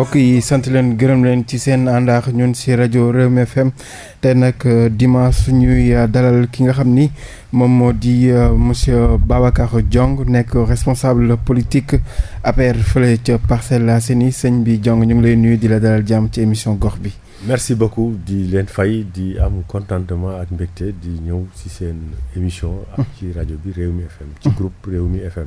mbokk yi sant leen gërëm leen ci seen àndaax ñun si rajo Rewmi FM te nag euh, dimanche ñuy euh, dalal ki nga xam ni moom moo di euh, monsieur Babacar jong nekk responsable politique APR fële ca Parcelles Assainies sëñ bi jong ñu ngi lay nuyu di la dalal jàmm ci émission gox bi. merci beaucoup di leen fay di am contentement ak mbégte di ñëw si seen émission. ak ci rajo bi réew mi FM. ci groupe mi FM.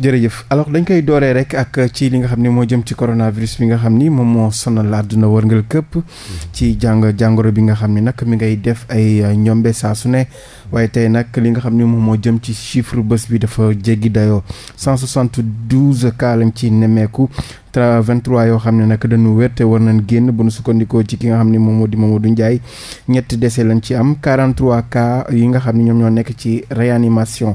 jërëjëf alors dañ koy dooree rek ak ci li nga xam ne moo jëm ci coronavirus bi nga xam ni moom moo sonal àdduna wërngal këpp ci jàng jàngoro bi nga xam ne nag mi ngay def ay euh, ñombe saa su ne waaye tey nag li nga xam ne moom moo jëm ci chiffre bés bi dafa jéggi dayoo 172 cas lañ ci nemmeeku 23 yoo xam ne nag dañu wér war nañ génn bu nu sukkandikoo ci ki xam ne moom moo di Mamadou Ndiaye ñetti décès lañ ci am 43 cas yi nga xam ne ñoom ñoo nekk ci réanimation.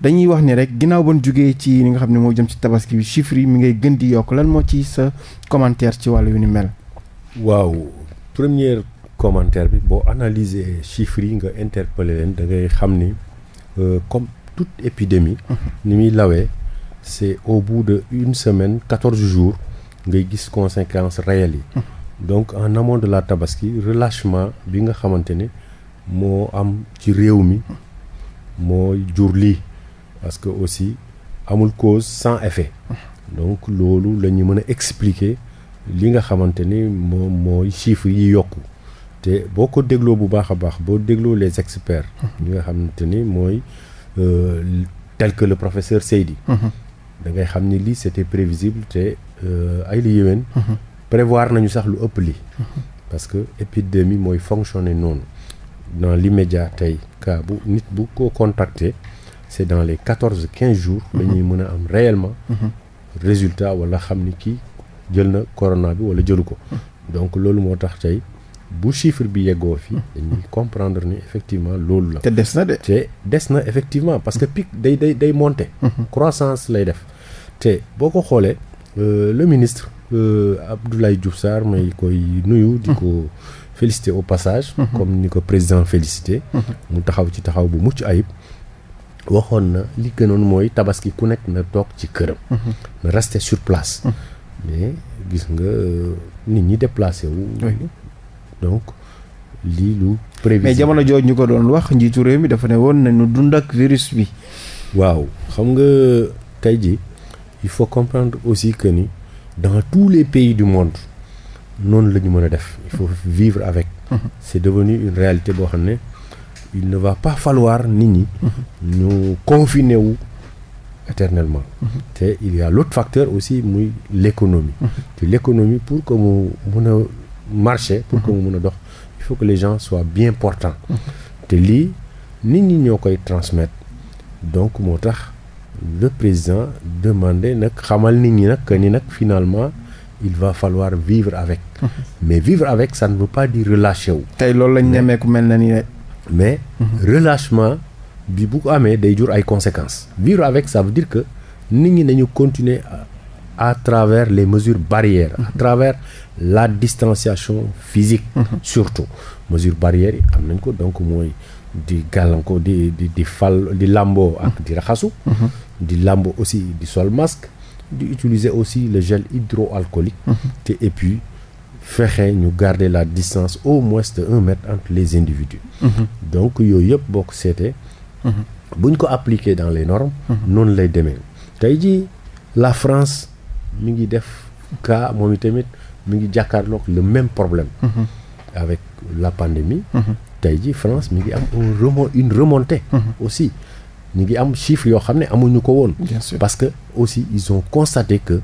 dañuy wax ni rek ginnaaw ba ñu jugee ci li nga xam ne moo jëm ci tabaski bi chiffres yi mi ngay gën di yokk lan moo ci sa commentaire ci wàllu yu ni mel. waaw première commentaire bi boo analyser chiffres yi nga interpeller leen da ngay xam ni euh, comme toute épidémie. Mhm. ni muy lawee c'est au bout de une semaine quatorze jours ngay gis conséquences réelles yi. Mhm. donc en amont de la tabaski relâchement bi nga xamante ne moo am ci réew mi mhm. moo jur lii. parce que aussi amul cause sans effet donc loolu lañu mën a expliquer li nga xamante ni moom mooy chiffres yi yokk te boo ko dégloo bu baax a baax boo dégloo les experts ñi nga xamante ni mooy euh, tel que le professeur Seydi mhm. da ngay xam ni li c'était prévisible te euh, ay li yéwén mhm. prévoir nañu sax lu ëpp li mhm. parce que épidémie mooy fonctionner noonu dans l'immédiat tey bu nit bu ko contacter c' est dans les quatorze quinze jours. la mhm. ñuy mën a am réellement. Mhm. résultat wala xam ni kii jël na corona bi wala jëlu ko. Mhm. donc loolu moo tax tey bu chiffre bi yeggoo fi dañuy comprendre ni effectivement loolu la. te des na te des na effectivement parce que pic day day day monter. croissance lay def te boo ko xoolee. Euh, le ministre euh, Abdoulaye Diouf Sarr may koy nuyu. di ko félicité au passage. comme ni ko président félicité. mu taxaw ci taxaw bu mucc ayib. waxoon na li gënoon mooy tabaski ku nekk na toog ci këram. na mhm. rester sur place. Mhm. mais gis nga euh, nit ñi déplacé wu. donc lii lu prévisible. mais jamono jooju ñu ko doon wax njiitu réew mi dafa ne woon nañu dund ak virus bi. waaw xam nga tey ji il faut comprendre aussi que ni dans tous les pays du monde noonu la ñu mën a def. il faut vivre avec. Mhm. c'est devenu une réalité boo xam ne. il ne va pas falloir nit ñi ñu confiner wu éternellement mhm. te il y a facteur aussi muy l'économie mhm. te l'économie pour que mu mun a marché pour que mu mhm. mun a dox il faut que les gens soient bien portants te lii nit ñi ñoo koy transmettre donc moo tax le président demande nag xamal nit ñi nag ni nag finalement il va falloir vivre avec mais vivre avec ça ne veut pas dire relâcher wu tey loolu lañ nemee ku mel na ni mais relâchement bi bu ko amee day jur ay conséquences vivre avec ça dire que nit ñi nañu continuer à travers les mesures barrières à travers la distanciation physique surtout mesures barrières yi am nañ ko donc mooy di gàllankoor di di di fal di lamboo ak di raxasu di làmboo aussi di sol masque di utiliser aussi le gel hydroalcoolique mhm. te et puis fexe ñu garder la distance au moins de un mètre entre les individus mm donc yooyu yëpp boo ko seetee mhm. buñ ko appliquer dans les normes mhm. noonu lay demee tey jii la France mi ngi def cas moom itamit mi ngi jàkkaarloog le même problème mhm. avec la pandémie tey jii France mi ngi am un remon une remontée aussi ñu ngi am chiffre yoo xam ne amuñu ko woon parce que aussi ils ont constaté que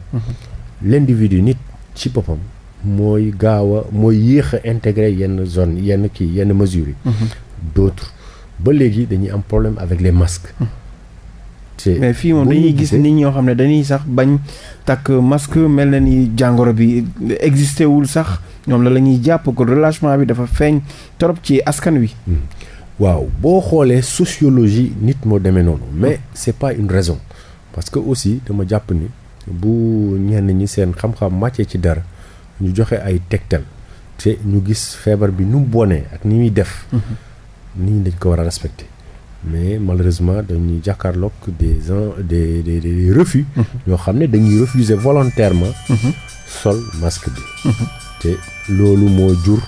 l'individu nit ci boppam mooy gaaw a mooy yéex a intégré yenn zone yenn kii yenn mesures yi. Mhm. d'autres ba léegi dañuy am problème avec les masques. Mhm. mais fii moom dañuy gis nit ñoo xam ne dañuy sax bañ takk masque mel na ni jàngoro bi existé wul sax ñoom la la ñuy jàpp ko relâchement bi dafa feeñ trop ci askan wi. Hmm. waaw boo xoolee sociologie nit moo demee noonu mais c'est pas une raison parce que aussi dama jàpp ni bu ñenn ñi seen xam-xam màccee ci dara. ñu joxe ay tegtal te ñu gis feebar bi nu bonee ak ni muy def mhm. nit ñi ko war a respecter mais malheureusement dañuy jàkkaarloog des gens des des des refus ñoo mhm. xam ne dañuy refuser volontairement mhm. sol masque bi te loolu moo jur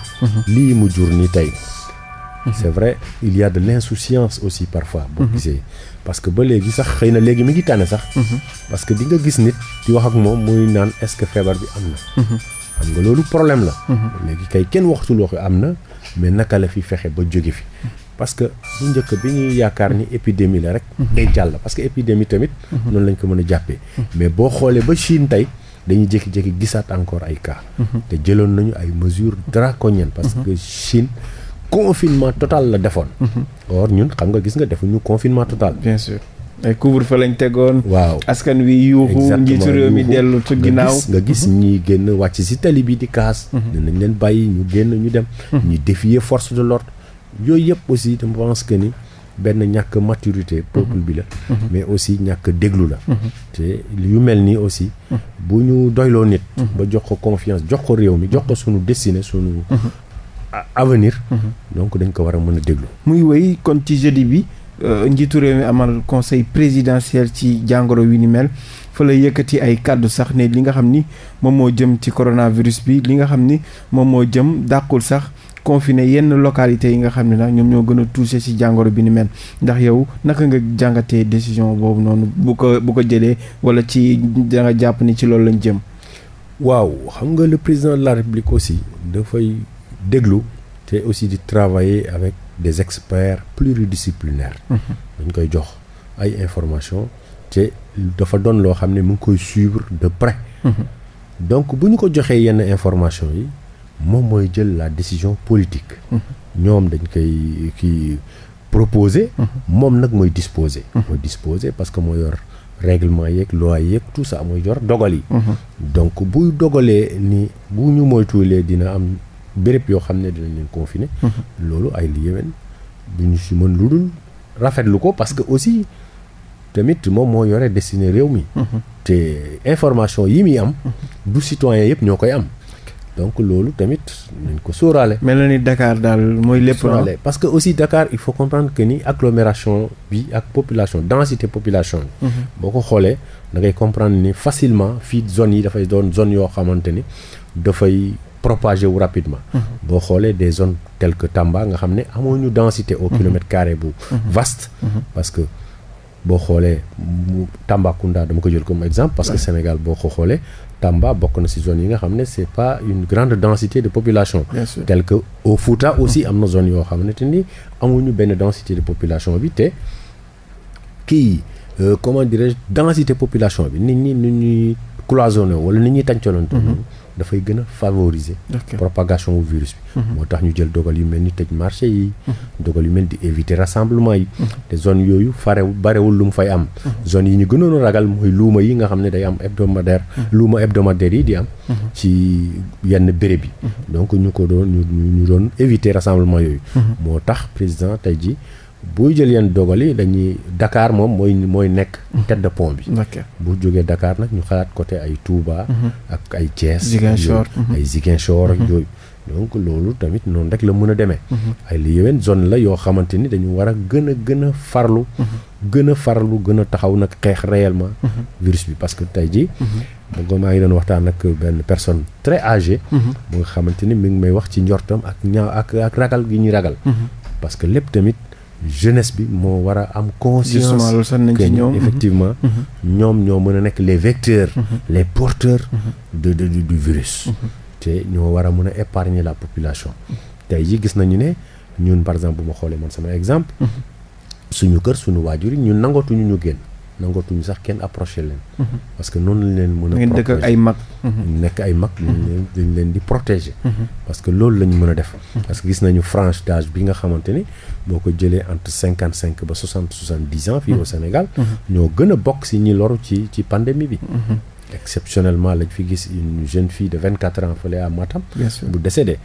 lii mu jur ni tey c'est vrai il y de l'insouciance aussi parfois boo gisee parce que ba léegi sax xëy na léegi mi ngi tànne sax parce que dinga gis nit di wax ak moom muy naan est-ce que feebar bi am na xam nga loolu problème la. Mhm. léegi kay kenn waxtul wax am na mais naka la fi fexe ba jóge fi. Mhm. parce que bu njëkk bi ñuy yaakaar ni mhm. épidémie la rek. day jàll parce que épidémie tamit. noonu lañ ko mën a jàppee. mais boo xoolee ba Chine tey. dañuy jékki-jékki gisaat encore ay cas. te jëloon nañu ay mesures draconiennes. parce que Chine confinement total la defoon. or ñun xam nga gis nga defuñu confinement total. bien sûr. couvre-feu lañ tegoon. waaw askan wi yuuxu. njiitu réew mi dellu ci ginnaaw nga gis mhm. ñi génn wàcc si tali bi di kaas. Mhm. dinañ leen bàyyi ñu génn ñu dem. Mhm. ñu défier force de l'ordre yooyu yëpp aussi je pense que ni benn ñàkk maturité peuple bi la. mais aussi ñàkk déglu la. te yu mel ni aussi. bu ñu doyloo nit. ba jox ko confiance jox ko réew mi jox ko sunu destinée sunu. avenir. donc dañ ko war a mën a déglu. muy wéy kon ci bi. Euh, njiitu réew mi amal conseil présidentiel ci jàngoro wi ni mel fa la yëkkati ay kàddu sax ne li nga xam ni moom moo jëm ci coronavirus bi li nga xam ni moom moo jëm dàqul sax confiné yenn localités yi nga xam ne nag ñoom ñoo gën a touché ci jàngoro bi ni mel ndax yow naka nga jàngatee décision boobu noonu bu ko bu ko jëlee wala ci da jàpp ni ci loolu lañ jëm. waaw xam nga le président de la république aussi dafay déglu te aussi di travailler avec. des experts pluridisciplinaires. Mhm. dañ koy jox ay information te dafa doon loo xam ne mu ngi koy suivre de près. Mhm. donc bu ñu ko joxee yenn information yi moom mooy jël la décision politique. Mhm. ñoom dañ koy kii proposer. moom nag mooy disposer. mooy disposer parce que moo yor règlement yeeg loi yeeg tout ça mooy yor dogal yi. donc buy dogalee ni bu ñu moytuwulee dina am. béréb yoo xam ne dinañ leen confiner mhm. loolu ay li du ñu si mën lu dul rafetlu ko parce que aussi tamit moom moo yore destiné réew mi mhm. te information yi muy am mhm. du citoyen yëpp ñoo koy am donc loolu tamit nañ ko sóoraale mel na ni Dakar daal mooy lépp ah. sóoraale parce que aussi Dakar il faut comprendre que ni agglomération bi ak population densité population bi boo ko xoolee da ngay comprendre ni facilement fii zone yi dafay doon zone yoo xamante ni dafay propagé wu rapidement. Mhm. boo xoolee des zone tel que Tamba nga xam ne amoo ñu densité au mhm. kilomètre carré bu mhm. vaste. parce que boo xoolee Tambacounda dama ko jël comme exemple. parce que Sénégal boo ko xoolee Tamba bokk na si zone yi nga xam ne c'est pas une grande densité de population. tel que au Fouta aussi am na zone yoo xam ne te ni amuñu benn densité de population bi te kii euh, comment dirais densité population bi nit ñi nu ñuy cloisonné wala nit ñi tàncalante. dafay gën a favoriser propagation wu virus bi mhm. moo tax ñu jël dogal yu mel ni teg marché yi mhm. dogal yi mel di éviter rassemblement yi mhm. te zone yooyu farewu barewul lu mu fay am zone yi ñu gënoon a ragal mooy luuma yi nga xam ne day am hebdomadaire luuma hebdomadaire yi di am ci yenn béréb bi donc ñu ko doon ñu ñu doon éviter rassemblement yooyu moo tax président tey ji buy jël yenn dogal yi dañuy dakaar moom mooy mooy nekk. Mhm. tête de pont bi. bu jógee dakaar nag ñu xalaat côté ay Touba. Mhm. ak ay Thiès. Ziguinchor mhm. ay Ziguinchor ak yooyu. donc loolu tamit noonu rek la mën a demee. ay li yeneen zone la yoo xamante ni dañu war a gën a gën a farlu. gën a farlu gën a taxaw nag xeex réellement. virus bi parce que tey jii. ba maa ngi doon waxtaan ak benn personne très age bu nga xamante ni mi ngi may wax ci njortam ak ñaaw ak ak ragal gi ñuy ragal. parce lépp tamit. jeunesse bi moo war a am conscience que ñoom effectivement mm-hmm. Mm-hmm. ñoom ñoo mën a nekk les vecteurs mm-hmm. les porteurs de de du virus te ñoo war a mën a épargner la population te jii gis nañu ne ñun par exemple bu ma xoolee man sama exemple suñu kër suñu waajur yi ñun nangootuñu ñu génn nangootuñu sax kenn approché leen. Mhm. parce que noonu lañ leen mën a. ngeen dëkk ay mag. Mhm. nekk ay mag. Mhm. dañ leen di protéger. parce que loolu la ñu mën a def. parce que bi nga xamante ni boo ko jëlee entre cinquante cinq ba soixante soixante dix ans fii au Sénégal. ñoo gën a bokk si ñi loru ci pandémie bi. exceptionnellement lañ fi gis une jeune fille de vingt quatre ans fële à Matam. bu décédé.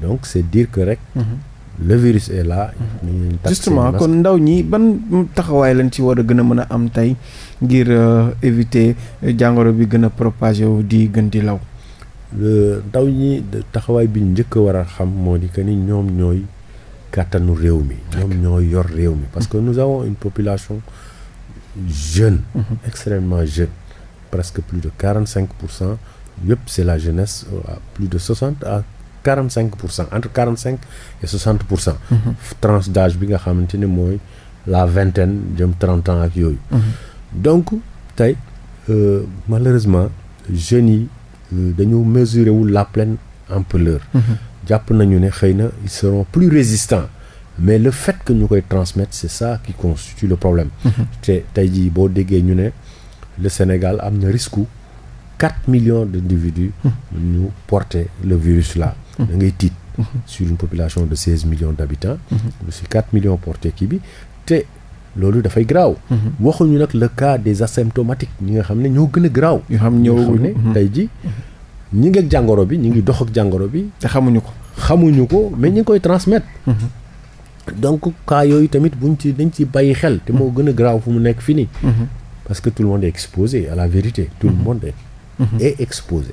donc c'est dire que rek. le virus est là. Mhm. nañu justement kon ndaw ñi ban taxawaay lañ ci war a gën a mën a am tey ngir euh, éviter euh, jàngoro bi gën a propagé wu di gën di law. ndaw ñi taxawaay bi njëkk a war a xam moo di que ni ñoom ñooy kàttanu réew mi. ñoom ñooy yor réew mi parce que nous avons une population jeune. Mhm. extrêmement jeune. presque plus de quarante cinq pour cent yëpp c'est la jeunesse euh, à plus de soixante à. quarante cinq pour cent entre quarante cinq et soixante pour cent. tranche bi nga xamante ni mooy la vingtaine jëm trente ans ak yooyu. donc tey euh, malheureusement jeunes yi euh, dañoo mesurer wul la pleine ampleur. jàpp nañu ne xëy na ils seront plus résistants. mais le fait que ñu koy transmettre c'est ça qui constitue le problème. te tey jii boo déggee ñu ne le Sénégal am na risque quatre millions d'individus ñu porter le virus là. da ngay tiit sur une population de seize millions d' habitants lu si quatre millions porté kii bi te loolu dafay graaw waxuñu nag le cas des asymptomatiques ñi nga xam ne ñoo gën a graaw ñu xam ne tey ji ñi ngi ak jàngoro bi ñu ngi dox ak jàngoro bi te xamuñu ko xamuñu ko mais ñi ngi koy transmettre mhm. donc cas yooyu tamit buñ ci dañ ci bàyyi xel te moo mhm. gën a graaw fu mu nekk fii nii mhm. parce que tout le monde exposé à la vérité tout le monde exposé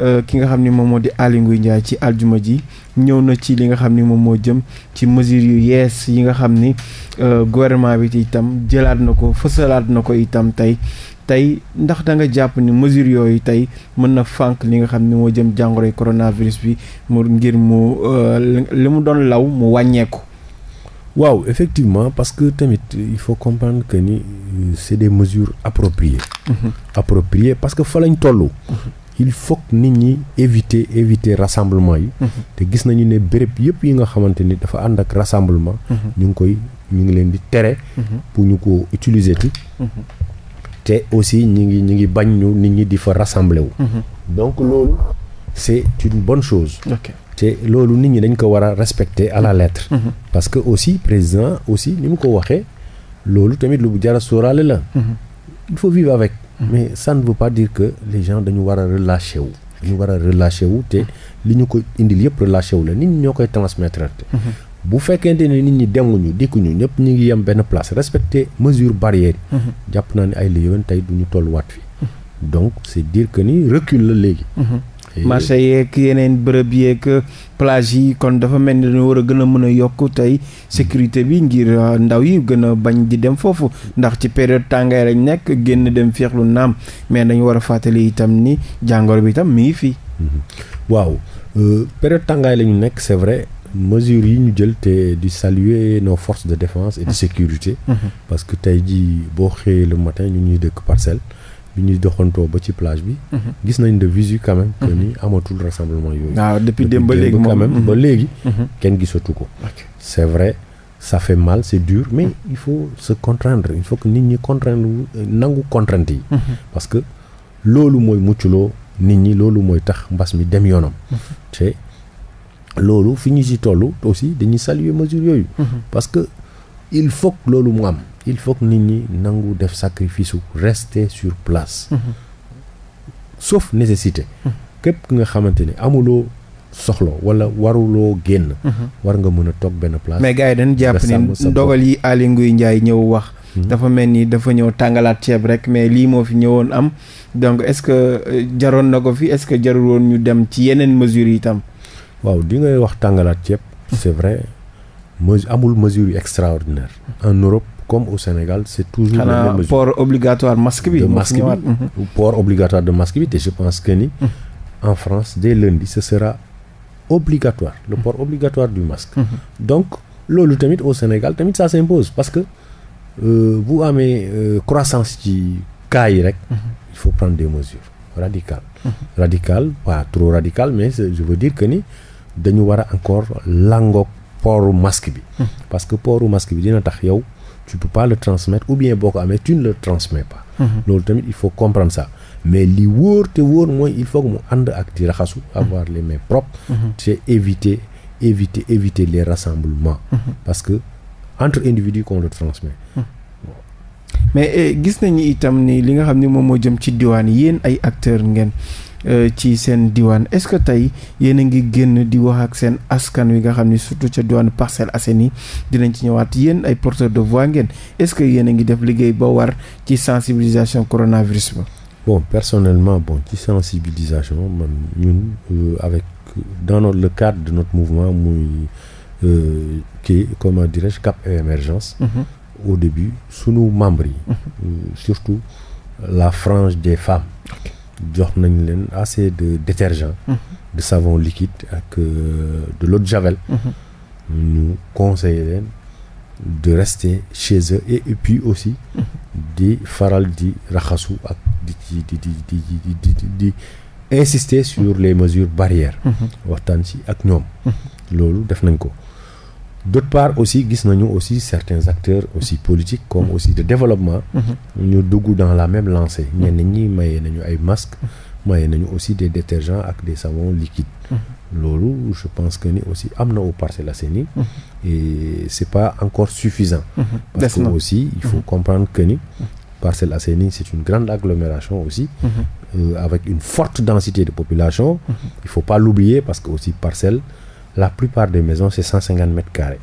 Euh, ki nga xam ni moom moo di Aly Ngouille ci aljuma ji ñëw na ci li nga xam ni moom moo jëm ci mesures yu yees yi nga xam ni euh, gouvernement bi itam jëlaat na ko fësalaat na ko itam tey tey ndax da nga jàpp ni mesures yooyu tey mën na fànq li nga xam ni moo jëm jàngoroy coronavirus bi mu ngir mu euh, li mu doon law mu wàññeeku. waaw effectivement parce que tamit il faut comprendre que ni c'est des mesures appropriées. Mmh. parce que fa lañ toll. Mm-hmm. il faut nit ñi éviter éviter rassemblement yi. Mhm. te gis nañu ne béréb yëpp yi nga xamante ni dafa ànd ak rassemblement. Mhm. ñu ngi koy ñu ngi leen di tere. Mhm. pour ñu ko utiliser ti te aussi ñi ngi ñi ngi bañ ñu nit ñi di fa rassembler wu. donc loolu c'est une bonne chose. Okay. te loolu nit ñi dañ ko war a respecter à la lettre. parce que aussi président aussi ni mu ko waxee loolu tamit lu jar a sóoraale la. il faut vivre avec. mais ça ne veut pas dire que les gens dañu war a relâché wu. dañu war a relâché wu te li ñu ko indil yëpp relâché wu la nit ñi ñoo koy transmettre. Mhm. bu fekkente ne nit ñi demuñu dikkuñu ñëpp ñu ngi yem benn place respecter mesure barrière yi. Mhm. jàpp naa ne ay liy yoon tey du ñu tolluwaat fi. Mhm. donc c' est dire que ni recul la léegi. marché yeeg yeneen bërëb yeeg plage yi kon dafa mel ni dañu war a gën a mën a yokk tey sécurité bi ngir euh, ndaw yi gën a bañ di dem foofu ndax ci période tàngaay lañ nekk génn dem féexlu naam mais nañu war a fàttali itam ni jàngoro bi itam mi ngi fii. Mhm. waaw euh, période tàngaay la ñu nekk c'est vrai. mesure yi ñu jël te di saluer noo force de défense et de ah. sécurité. Mmh. parce que tey jii boo xëyee matin ñu ñuy dëkk parcelle. bi ñuy doxantoo ba ci plage bi. Mhm. gis nañ de visu quand mhm. ni amatul rassemblement yooyu. waaw ah, depuis démb ba léegi quand même ba mhm. léegi. kenn gisatu ko. c'est vrai ça fait mal c'est dur mais il faut se contraindre il faut que nit ñi contraindre nangu contrainte yi. parce que loolu mooy mucculoo nit ñi loolu mooy tax mbas mi dem yoonam. te loolu fi ñu si toll aussi dañuy saluer mesure yooyu. parce que il faut loolu mu am. il faut nit ñi nangu def sacrifice u rester sur place mm-hmm. sauf nécessité mm-hmm. képp ki nga xamante ni amuloo soxla wala waruloo génn mm-hmm. war nga mën a toog benn place mais gars yi dañ jàpp ni ndogal yi Aly Ngouille Ndiaye ñëw wax dafa mel ni dafa ñëw tàngalaat ceeb rek mais lii moo fi ñëwoon am donc est-ce que euh, jaroon na ko fii est-ce que jarul woon ñu dem ci yeneen mesures yi itam waaw di ngay wax tàngalaat ceeb c'est vrai mesure amul mesure extraordinaire en Europe comme au Sénégal c'est toujours. la même mesure port obligatoire masque bi. de masque bi mhm. port obligatoire de masque bi te je pense que mhm. en France dès lundi ce sera obligatoire le mhm. port obligatoire du masque. donc loolu tamit au Sénégal tamit ça s'impose parce que bu euh, amee euh, croissance ci cas yi rek. il faut prendre des mesures radicales. radicales pas trop radicales mais je veux dire que dañu war a encore langoog pooru masque bi. parce que pooru masque bi dina tax yow. tu peux pas le transmettre ou bien boo ko amee tu ne le transmets pas. Mhm. loolu tamit il faut comprendre ça mais li wóor te wóor mooy il faut que mu ànd ak di raxasu. Mhm. avoir les mains propres. Mhm. c'est éviter éviter éviter les rassemblements. parce que entre individus qu'on le transmet. mais eh, gis nañu itam ni li nga xam ni moom moo jëm ci diwaan yéen ay acteurs ngeen. Euh, ci seen diwaan est-ce que tey yéen a ngi génn di wax ak seen askan wi nga xam ni surtout ca diwaanu Parcelles Assainies dinañ ci ñëwaat yéen ay porteurs de voix ngeen est-ce que yéen a ngi def liggéey ba war ci sensibilisation coronavirus ba. bon personnellement bon ci sensibilisation man ñun euh, avec dans le cadre de notre mouvement muy euh, kii comment dirais-je cap et émergence. Mhm. au début sunu membres yi. Mhm. Euh, surtout la frange des femmes. jox nañ leen assez de détergent mm-hmm. de savon liquide ak euh, de l'eau de javel mm-hmm. ñu conseiller leen de rester chez et puis aussi mm-hmm. di faral di raxasu ak di ci di di di di di insister sur les mesures barrières waxtaan ci ak ñoom loolu def nañ ko d'autre part aussi gis nañu aussi certains acteurs aussi politiques comme aussi de développement mhm. ñu dugg dans la même lancée mhm. ñenn ñi mayee nañu ay masques mhm. mayee nañu aussi des détergents ak des savons liquides loolu je pense que ni aussi am na au Parcelles Assainies et c'est pas encore suffisant parce que aussi il faut comprendre que ni Parcelles Assainies c'est une grande agglomération aussi euh, avec une forte densité de population il faut pas l'oublier parce que aussi Parcelles la plupart des maisons c'est 150 mètres carrés.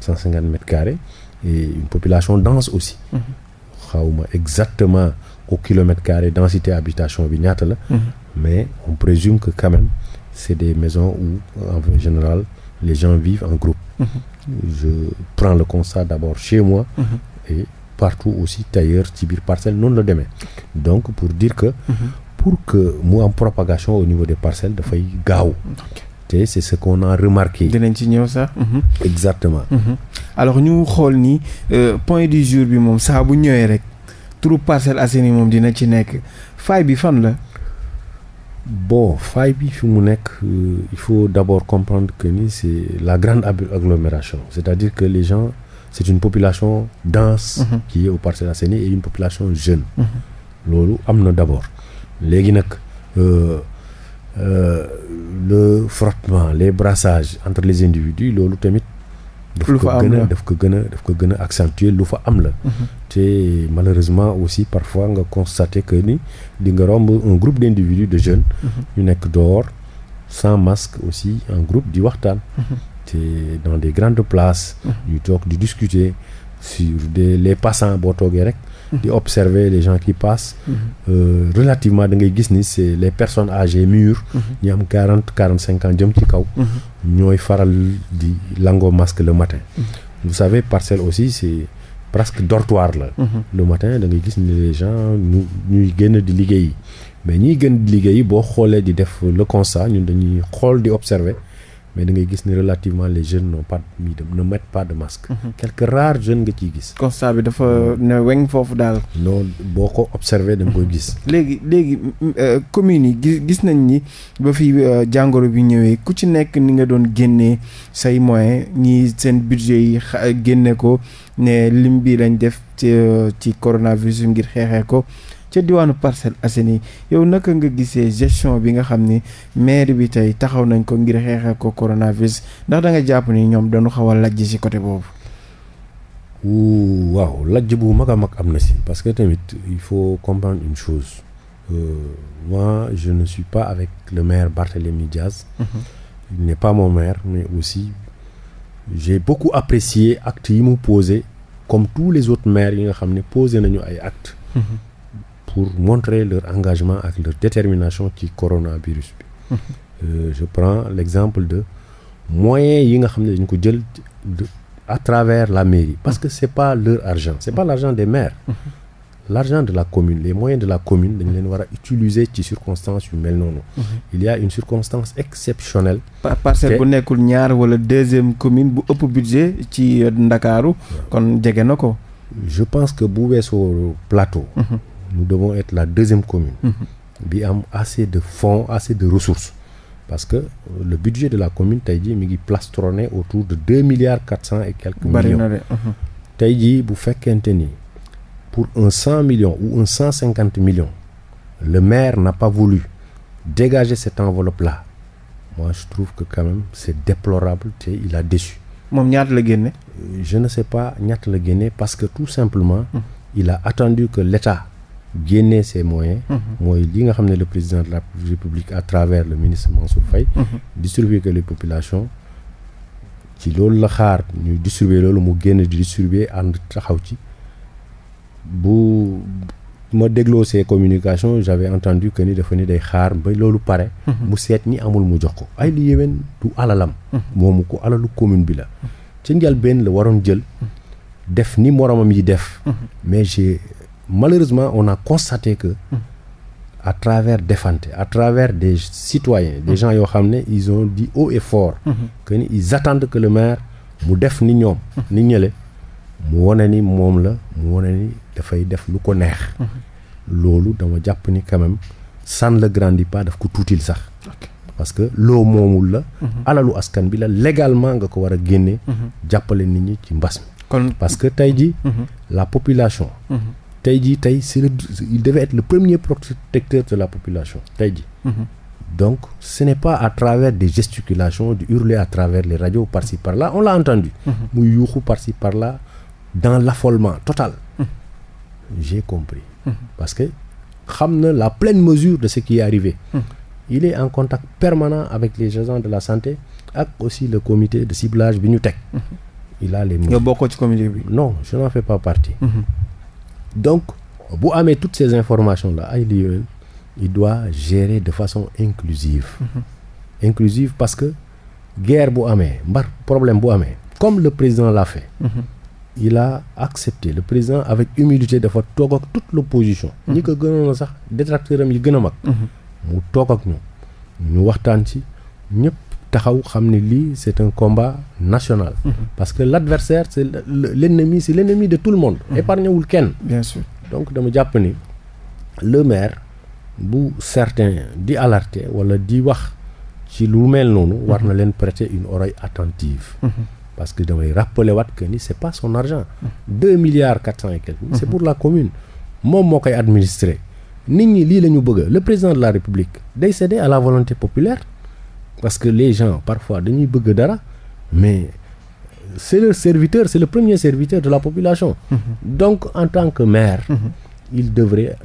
150 mm-hmm. mètres carrés et une population dense aussi. Mm-hmm. xawma exactement au kilomètre carré densité habitation bi ñaata la. Mm-hmm. mais on présume que quand même c'est des maisons où en général les gens vivent en groupe. je prends le constat d'abord chez moi. et partout aussi tailleur ci biir parcelle noonu la demee donc pour dire que. pour que mu am propagation au niveau des parcelles dafay gaaw. te c'est ce qu'on a remarqué. dinañ ci ñëw sax. Mhm. exactement. Mmh. alors ñu xool ni euh, point du jour bi moom saa bu ñëwee rek turu Parcelles Assainies moom dina ci nekk faay bi fan la. bon faay bi fi mu nekk euh, il faut d'abord comprendre que ni c'est la grande agglomération c'est-à-dire que les gens c'est une population dense. Mmh. qui est aux Parcelles Assainies et une population jeune. Mhm. loolu am na d'abord léegi nag. Euh, le frottement les brassages entre les individus loolu tamit. daf ko gën a daf ko gën a daf ko gën a accentuer lu fa am la. Mhm. te malheureusement aussi parfois nga constater que ni dinga nga romb un groupe d' individus de jeunes. Mhm. ñu nekk dehors sans masque aussi en groupe di waxtaan. Mhm. te dans des grandes places. ñu toog di discuter sur de les passants boo toogee rek. di observer les gens qui passent. Mhm. Euh, relativement da ngay gis ni c'est les personnes âgées mûres. Mhm. ñu am quarante quarante cinq ans jëm ci kaw. Mhm. ñooy faral di langoo masque le matin. vous savez parcelle aussi c'est presque dortoir la. le matin da ngay gis ni les gens ñu ñuy génn di liggéeyi mais ñiy gën di liggéeyi boo xoolee di def le constat ñun dañuy xool di observer. mais da ngay gis ni relativement les jeunes n'ont pas mis de ne mettent pas de masque. Mhm. quelques rares jeune nga ciy gis. constat bi dafa ne weñ foofu daal. non boo ko observé da nga koy gis. léegi léegi euh, communes yi gis gis nañ ni ba fi euh, jàngoro bi ñëwee ku ci nekk ni nga doon génnee say moyens ñi seen budget yi génne ko ne lim bi lañ def ci euh, ci coronavirus ngir xeexee ko. ca diwaanu Parcelles Assainies yow naka nga gisee gestion bi nga xam ni maire bi tey taxaw nañ ko ngir xeexal ko coronavirus ndax da nga jàpp ni ñoom dañu xaw a lajj si côté boobu. waaw lajj bu mag a mag am na si parce que tamit il faut comprendre une chose euh, moi je ne suis pas avec le maire Barthélémy Diaz. Mmh. il n'est pas mon maire mais aussi j'ai beaucoup apprécié acte yi mu posé comme tous les autres maires yi nga xam ne posé nañu ay actes. Mhm. pour montrer leur engagement ak leur détermination ci coronavirus bi. Mhm. Euh, je prends l'exemple de moyens yi nga xam ne dañ ko jël à travers la mairie parce que c'est pas leur argent c'est pas l'argent des maires. Mhm. l'argent de la commune les moyens de la commune dañ leen war a utiliser ci circonstances yu mel noonu. Mhm. il y a une circonstance exceptionnelle. par parcelle bu nekkul ñaar wala deuxième commune bu ëpp budget ci euh, Ndakaaru kon jege na ko. je pense que bu weesoo plateau. nous devons être la deuxième commune. Mhm. bi am assez de fonds assez de ressources. parce que euh, le budget de la commune tey jii mi ngi plastronné autour de deux milliards quatre cent et quelques millions mhm. tey jii bu fekkente ni pour un cent millions ou cent cinquante millions le maire n'a pas voulu dégager cette enveloppe là moi je trouve que quand même c'est déplorable te il a déçu moom la génne euh, je ne sais pas ñaata la génne parce que tout simplement mhm. il a attendu que l'État génnee ses moyens. Mm-hmm. mooy li nga xam ne le président de la république à travers le ministre Mansour Faye. Mm-hmm. distribuer que les populations ci loolu la xaar ñu distribuer loolu mu génn di distribuer ànd taxaw ci bu ma dégloo ses communications j'avais entendu que ni dafa ni day xaar ba loolu pare. Mm-hmm. mu seet ñi amul mu jox ko ay li yéwén du alalam. moomu ko alalu commune bi la. ca njëlbeen la waroon jël. def ni moromam yi def. mais j'ai malheureusement on a constaté que à travers Defante à travers des citoyens des gens yoo xam ne ils ont dit haut et fort que ni ils attendent que le maire mu def ni ñoom ni ñële mu wane ni moom la mu wane ni dafay def lu ko neex loolu dama jàpp ni quand même ça ne le grandit pas daf ko tuutil sax parce que loo moomul la mhm. alalu askan bi la légalement nga ko war a génne mhm. jàppale nit ñi ci mbas mi kon parce que tey ji mhm. la population tey jii tey c'est le il devait être le premier protecteur de la population tey jii. Mhm. donc ce n'est pas à travers des gesticulations de hurler à travers les radios par-ci par-là on l'a entendu. Mhm. muy yuuxu par-ci par-là dans l'affolement total. Mhm. j'ai compris. parce que xam na la pleine mesure de ce qui est arrivé. il est en contact permanent avec les agents de la santé ak aussi le comité de ciblage bi ñu teg. il a les moyens. bi. non je n'en fais pas partie. donc bu amee toutes ces informations là ay lieu il doit gérer de façon inclusive mhm. inclusive parce que guerre bu amee mbar problème bu amee comme le président l'a fait mmh. il a accepté le président avec humilité dafa toog ak toute l'opposition mhm. ñi ko gënoon a sax détracteur am yi gën a mag mhm. mu toog ak ñu ñu waxtaan ci ñëpp taxaw xam ne lii c'est un combat national mhm. parce que l'adversaire c'est l'ennemi c'est l'ennemi de tout le monde mhm. épargné wul kenn bien sûr donc dama jàpp ni le maire bu certain di alerte wala di wax ci lu mel noonu mhm. war na leen prêter une oreille attentive parce que damay rappeler waat que ni c'est pas son argent deux milliards quatre cent et quelques c'est pour la commune moom moo koy administrer nit ñi lii la ñu bëgg le président de la république day la volonté populaire parce que les gens parfois dañuy bëgg dara mais c'est le serviteur c'est le premier serviteur de la population mmh. donc en tant que maire mmh. il devrait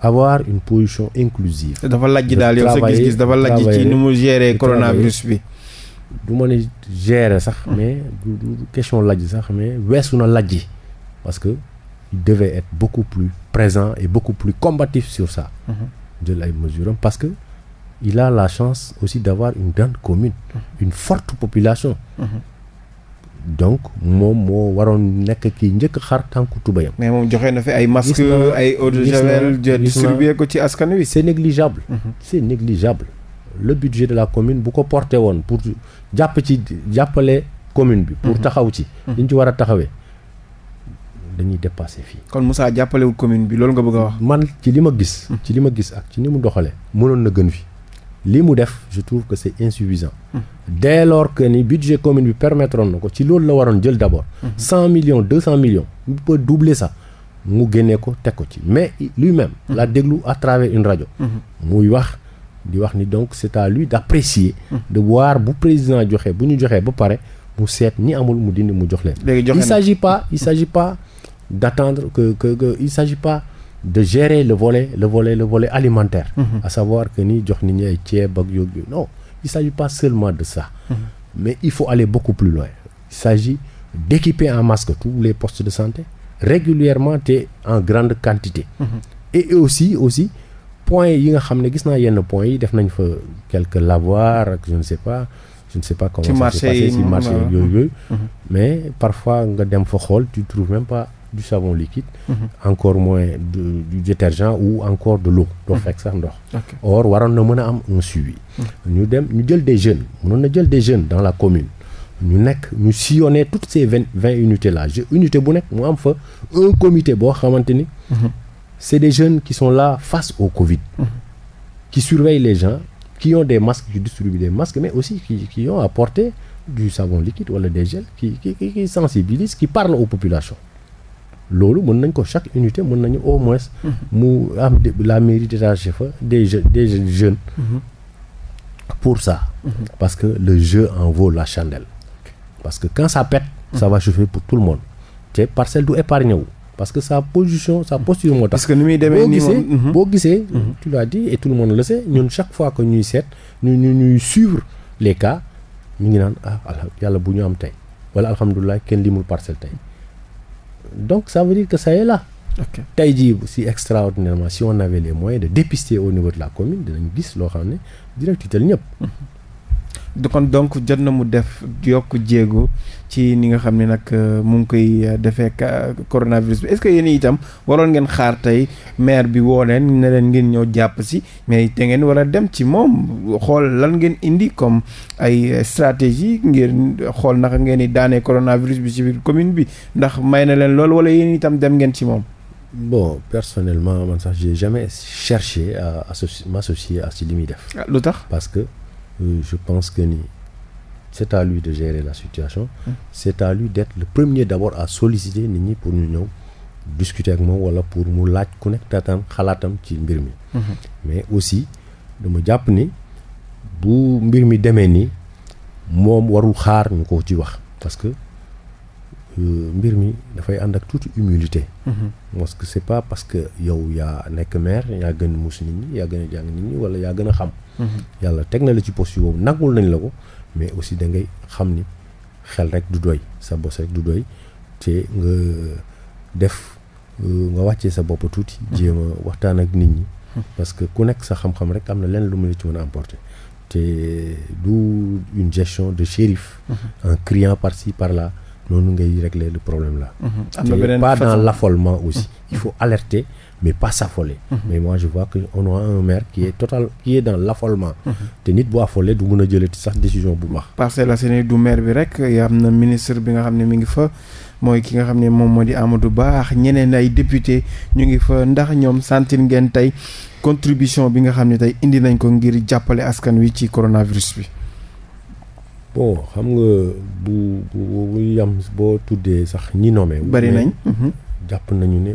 avoir une position inclusive dafa lajj daal yow sa gis-gis dafa lajj ci ni mu gérer ma ne sax mm-hmm. mais du question lajj sax mais weesu na lajj parce que il devait être beaucoup plus présent et beaucoup plus combatif sur ça mm-hmm. parce que il la chance aussi d'avoir une grande commune mhm. une forte population mhm. donc moom moo waroon nekk kii njëkk xar tànku tubayam mais moom joxe na fi ay masque ay eau de javel distribué ko ci askan wi c'est négligeable mhm. c'est négligeable de la commune bu ko porté woon pour jàpp ci jàppale commune bi pour taxaw ci liñ ci war a taxawee dañuy dépassé fii. kon Moussa jàppalewul commune bi loolu nga bëgg a wax. man ci li ma gis. ci li ma gis ak ci ni mu doxalee. mënoon na gën fi. li mu def je trouve que c'est insuffisant dès que ni budget commune bi permettroon na ko ci loolu la waroon jël d'abord million millions deux cent millions il mu génnee ko teg ko ci mais lui-même la déglu à travers une rajo muy wax di wax ni donc c'est à lui d'apprécier de voir bu président joxe bu ñu joxee ba pare mu seet ñi amul mu dindi mu jox leen il s'agit pas il s'agit pas d'attendre que que que il s'agit pas de gérer le volet le volet le volet alimentaire a -hmm. à savoir que ni jox nit ñi ay ceeb ak yooyu non il s'agit pas seulement de ça mhm. mais il faut aller beaucoup plus loin il s'agit d'équiper en masque tous les postes de santé régulièrement te en grande quantité mm -hmm. et aussi aussi point yi nga xam ne gis naa yenn points yi def nañ fa quelques lavoirs ak je ne sais pas je ne sais pas comment si marché yooyu yooyu mais parfois nga dem fa xool tu trouves même pas du savon liquide mm -hmm. encore moins de, du détergent ou encore de l'eau doo mhm. fekk sax ndox or waroon na mën a am un suivi mhm. ñu dem ñu jël des jeunes mënoon na jël des jeunes dans la commune ñu nekk ñu sillonné toutes ces vingt vingt unités là unité bu nekk mu am fa un comité boo xamante ni mhm. c'est des jeunes qui sont là face au Covid mm -hmm. qui surveillent les gens de ont des masques qui distribuent mais aussi qui qui ont apporté du savon liquide wala des gels qui qui qui sensibilisent qui parlent aux populations loolu mën nañ ko chaque unité mën nañu au moins mu am la mairie détaché fa des jeunes des jeunes mhm. pour ça mhm. parce que le jeu en vaut la chandelle parce que quand ça pète ça mhm. va chauffer pour tout le monde te parcelle du épargné wu parce que sa position sa posture moo tax. parce que ni muy demee nii boo gisee boo gisee. tu l'as dit et tout le monde le ñun chaque fois que ñuy seet ñu ñu ñuy suivre les cas ñu ngi naan ah yàlla bu ñu am tey wala alhamdulilah kenn limul parcelle tey. donc ça veut dire que ça est là. ok tey jii si extraordinairement si on avait les moyens de dépister au niveau la commune dinañ gis loo xam ne dina tiital ñëpp. Mhm. kon donc jot na mu def yokk jéego ci ni nga xam ne nag euh, mu ngi koy euh, defee coronavirus bi est-ce que yéen itam waroon ngeen xaar tey maire bi woo leen ne leen ngeen ñëw jàpp si mais te ngeen war a dem ci moom xool lan ngeen indi comme ay stratégie ngir xool ndax ngeen di daanee coronavirus bi ci commune bi ndax may na leen loolu wala yéen itam dem ngeen ci moom. bon personnellement man sax j'ai jamais cherché à associer m'associer à li muy def. Ah, lu tax je pense que ni c'est à lui de gérer la situation. Mm. c'est à lui d'être le premier d'abord à solliciter nit ñi pour ñu ñëw discuter ak moom walla pour mu laaj ku nekk taatam xalaatam ci mbir mi. Mm-hmm. mais aussi dama jàpp ni bu mbir mi demee ni moom warul xaar ñu ko ci wax parce Euh, mbir mi dafay ànd ak tuuti humilité. Mhm. parce c'est pas parce que yow yaa nekk maire yaa gën a muus nit ñi yaa gën a jàng nit ñi wala yaa gën a xam. Mhm. yàlla teg na la ci poste boobu nangul nañ la ko mais aussi da ngay xam ni xel rek du doy sa bos rek du doy te nga def euh, nga wàccee sa bopp tuuti. Mhm. jéem waxtaan ak nit ñi. parce que ku nekk sa xam-xam rek am na lenn lu mu la ci mën a te du une gestion de shérif. en criant par par-là. noonu ngay régler le problème la mhm. am na beneen pas dans l'affolement aussi. Mhm. il faut alerter mais pas s'affoler. Mhm. mais moi je vois que on a un maire qui est total qui est dans l'affolement. te nit bu affolé du mun a jëlati sax décision bu baax. Parcelles Assainies du maire bi rek am na ministre bi nga xam ne mi ngi fa. mooy ki nga xam ne moom moo di Amadou Ba ak ñeneen ay député ñu ngi fa ndax ñoom sentir ngeen tey contribution bi nga xam ne tey indi nañ ko ngir jàppale askan wi ci coronavirus bi. bon xam nga bu bu yam boo tuddee sax ñi nommé. bari nañ mhm. jàpp nañu ne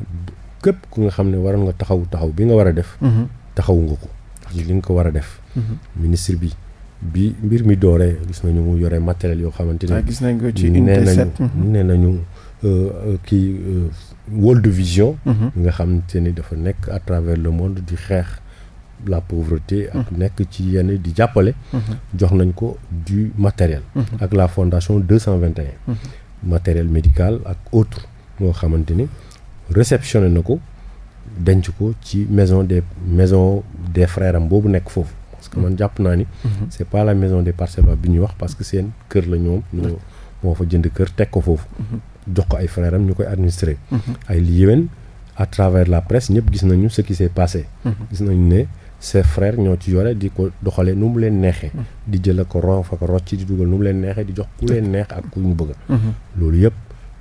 képp ku nga xam ne waroon nga taxaw taxaw bi nga war a def. Mhm. taxaw nga ko ndax li nga ko war def. Mhm. ministre bi bi mbir mi dooree gis nañu mu yore matériel yoo xamante ne. Ah, gis nañ ko ci unité 7 nee nañu euh, euh, ki euh, World Vision. nga xamante ni dafa nekk à travers le monde di xeex. la pauvreté ak mhm. nekk ci yenn di jàppale mhm. jox nañ ko du matériel mhm. ak la fondation 221 matériel médical ak autre moo xamante ni réceptionné na ko denc ko ci maison des maison des frères boobu nekk foofu parce que man jàpp naa ni c'est pas la maison des parcellois bi ñu wax parce que seen kër la ñoom ñoo moo fa jënd kër teg ko foofu jox ko ay frères am ñu koy administrer ay li yéwén à travers la presse ñëpp gis nañu ce qui s'est passé gis nañu ne ses frères ñoo ci yore di ko doxalee nu mu leen neexee. Mm-hmm. di jël ko ronf ak rocc di dugal nu mu leen neexee di jox ku leen neex ak ku ñu bëgg. Mm-hmm. loolu yëpp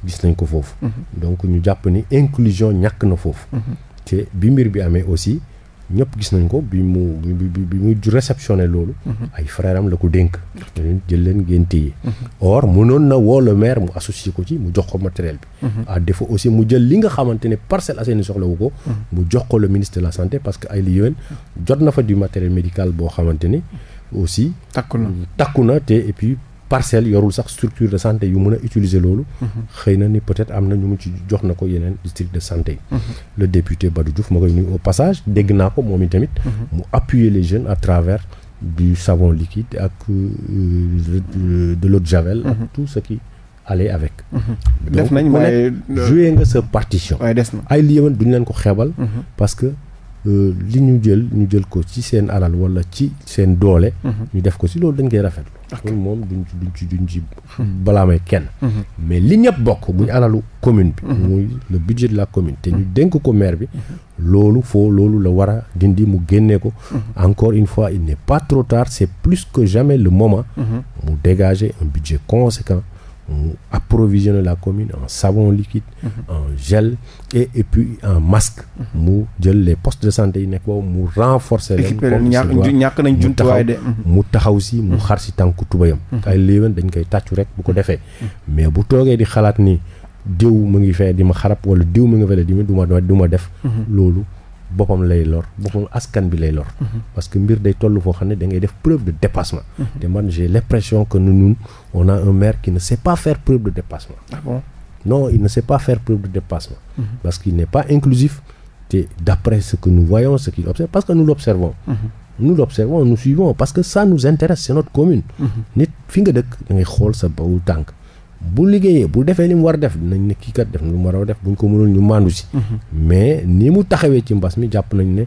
gis nañ ko foofu. Mm-hmm. donc ñu jàpp ni inclusion ñàkk na foofu. te bi mbir bi amee aussi ñëpp gis nañ ko bi mu bi mu réceptionné loolu. Mhm. ay frère am la ko dénk. jël ngeen téye. Mhm. or mënoon na woo le maire mu associé ko ci mu jox ko matériel bi. Mhm. à aussi mu jël li nga xamante ne Parcelles Assainies soxlawu ko. mu jox ko le ministre de la santé parce que ay liy jot na fa du matériel médical boo xamante ni aussi. takku na takku na te et parcelle yorul sax structure de santé yu mën a utiliser loolu. xëy na ni peut-être am na ñu mu ci jox na ko yeneen district de santé yi. le député Badou Diouf ma koy nuyu au passage dégg naa ko moom itamit. mu appuyer les jeunes à travers du savon liquide ak euh, euh, de l'eau de javel. ak mhm. tout ce qui. aller avec. Mhm. def nañ waaye joué nga sa partition. waaye des na ay liy yëngal leen ko xeebal. Mhm. parce que Euh, li ñu jël ñu jël ko ci seen alal wala ci seen doole. Mhm. ñu def ko si loolu dañ koy rafetlu. loolu moom duñ ci duñ ci duñ ci mhm. kenn. Mhm. mais li ñëpp bokk muy alalu commune bi. muy le budget de la commune te ñu dénk ko maire bi. loolu foo loolu la war dindi mu génne ko. encore une fois il n'est pas trop tard c'est plus que jamais le moment. mu dégager un budget conséquent. on approvisionne la commune en savon liquide mhm. en gel et et puis en masque mhm. mu jël les postes de santé yi nekk foofu mu renforcer leen ñàkk nañ jumtuwaay de mhm. mu taxaw si mu xar si tànk tubayam ay léewen dañ koy tàccu rek bu ko defee mais bu toogee di xalaat ni diw mu ngi fee di ma xarab wala diw mu ngi fee di ma du ma ma def loolu boppam lay lor boppam askan bi lay lor. Mhm. parce que mbir day toll foo xam ne da def preuve de dépassement. Mhm. te man j'ai l'impression que nous ñun a un maire qui ne sait pas faire preuve de dépassement. Ah bon? ne mhm. pas inclusif. te d'après ce que nous voyons ce qu'il parce que nous l'observons. nous l'observons nous parce que ça nous intéresse c'est notre commune. nit fi nga dëkk da xool sa bawu tànk. bu liggéeyee bu defee ni mu war a def dinañ ne kii kat def na lu mu war a def buñ ko mënul ñu màndu si. Mhm. mais ni mu taxawee ci mbas mi jàpp nañ ne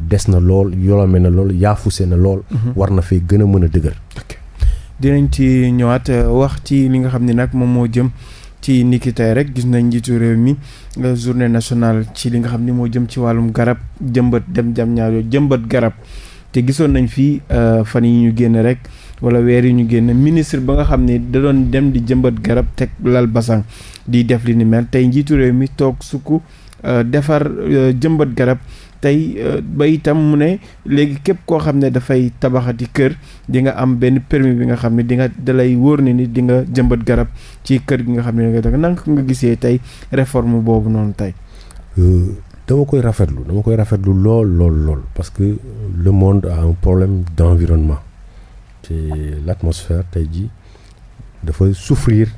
des na lool yolome na lool yaafuse na lool. Mhm. war na fee gën a mën a dëgër. dinañ ci ñëwaat euh, wax ci li nga xam ne nag moom moo jëm. ci niki rek gis nañ njiitu réew mi euh, journée nationale ci li nga xam ni moo jëm ci wàllum garab jëmbat dem jam ñaar yoo jëmbat garab te gisoon nañu fii euh, fan yi ñu génn rek wala weer yu ñu génn ministre ba nga xam ne da doon dem di jëmbat garab teg lal basang di def li ni mel tey njiitu réew mi toog sukk euh, defar euh, jëmbat garab tey euh, ba itam mu ne léegi képp koo xam ne dafay tabaxati kër di nga am benn permis bi nga xam ne di nga dalay wóor ne ni di nga jëmbat garab ci kër gi nga xam ne da nga ko nga gisee tey réforme boobu noonu tey. dama koy rafetlu dama koy rafetlu lool lool lool parce que le monde a un problème d'environnement. te l' atmosphère tey jii dafa souffrir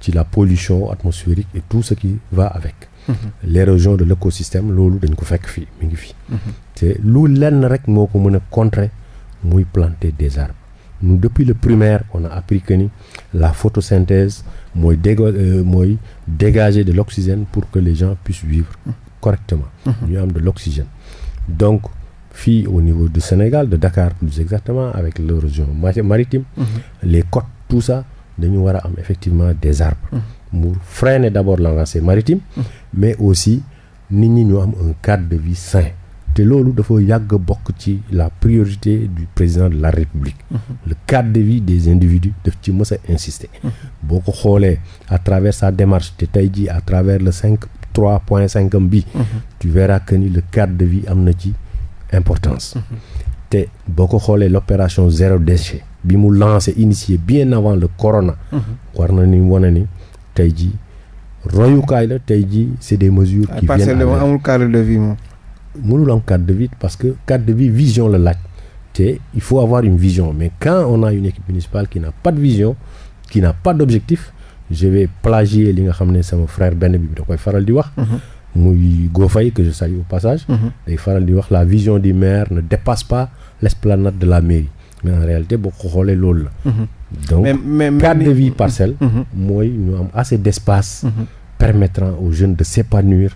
ci la pollution atmosphérique et tout ce qui va avec. Mmh. l'érosion de l' écosystème loolu dañ ko fekk fii mu ngi fii. Mm-hmm. te lu lenn rek moo ko mën a contre muy planter des arbres. nous depuis le primaire on a appris que ni la photosynthèse mooy dég euh, mooy dégager de l'oxygène pour que les gens puissent vivre mm. correctement mm-hmm. ñu am de l'oxygène donc fii au niveau du Sénégal de Dakar plus exactement avec l'érosion maritime mmh. les côtes tout ça dañu war a am effectivement des arbres mu mhm. freiner d'abord l'avancée maritime mhm. mais aussi nit ñi ñu am un cadre de vie sain te loolu dafa yàgg bokk ci la priorité du président de la République mmh. le cadre de vie des individus def ci mës a mhm. boo ko xoolee à travers sa démarche te tey jii à travers le cinq trois point cinq am bi tu verras ni le cadre de vie am na ci importance. te boo ko xoolee l' opération zéro déchet bi mu lancé initié bien avant le corona. Mhm. war na ni wane ni tey jii royukaay la tey jii c' est des mesures. qui viennent amul cadre de vie moom. mënul am cadre de vie parce que cadre de vie vision la laaj te il faut avoir une vision mais quand on a une équipe municipale qui n'a pas de vision qui n'a pas d' objectif je vais li nga xam ne sama frère benn bi da koy faral di wax. Mhm. muy Gofay que je salue au passage. Mhm. day faral di wax la vision du maire ne dépasse pas l'esplanade de la mairie mais en réalité boo ko xoolee loolu la. Mhm. donc mais, mais, mais, cadre de vie parcelle. Mhm. mooy ñu am assez d'espace. permettant aux jeunes de s'épanouir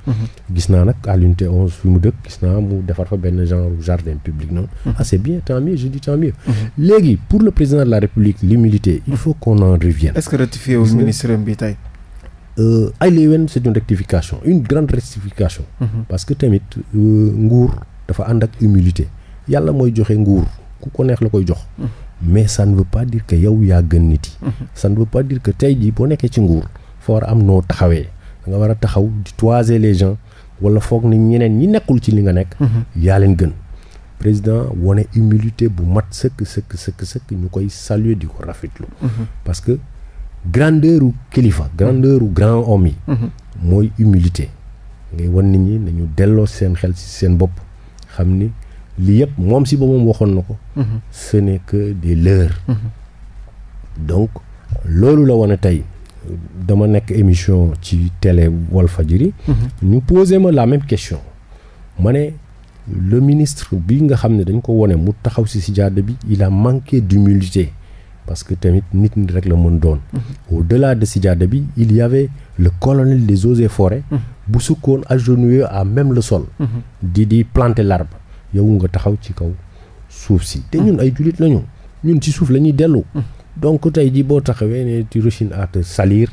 gis naa nag à l'unité fi mu dëkk gis naa mu defar fa benn genre jardin public noonu ah bien tant je dis tant léegi pour le président de la République l'humilité il faut qu'on en revienne est-ce que ratifié euh, Aylewen c' est une rectification une grande rectification. Mhm. parce que tamit euh, nguur dafa ànd ak humilité yàlla mooy joxe nguur ku ko neex la koy jox. Mhm. mais san ne veut pas dire que yow yaa gën nit yi. san mhm. ne veut pas dire que tey jii boo nekkee ci nguur fa war a am noo taxawee da nga war a taxaw di toiser les gens wala foog ni ñeneen ñi nekkul ci li nga nekk. yaa leen gën. président wone humilité bu mat sëkk sëkk sëkk sëkk ñu koy saluer di ko rafetlu. parce que grandeur u kilifa grandeur u grand homme yi mhm. mooy humilité ngay wan nit ñi nañu delloo seen xel ci seen bopp xam ni lii yëpp moom si boppam waxoon na ko mhm. ce n'est que des leurres mhm. donc loolu la wane tey dama nekk émission ci télé Walfadjri ñu posé ma la même question ma ne le ministre bi nga xam ne dañ ko wane mu taxaw si si jaada bi il a manqué d'humilité parce que tamit nit ñi rek la mën doon. Mhm. au delà de Sidiada bi il y avait le colonel des eaux et mhm. bu sukkoon agenouillé à même le sol. Mhm. di di planter l'arbre yow nga taxaw ci kaw suuf si. te ñun ay jullit lañu ñun ci suuf la ñuy dellu. donc tey jii boo taxawee ne tu rechignes à ci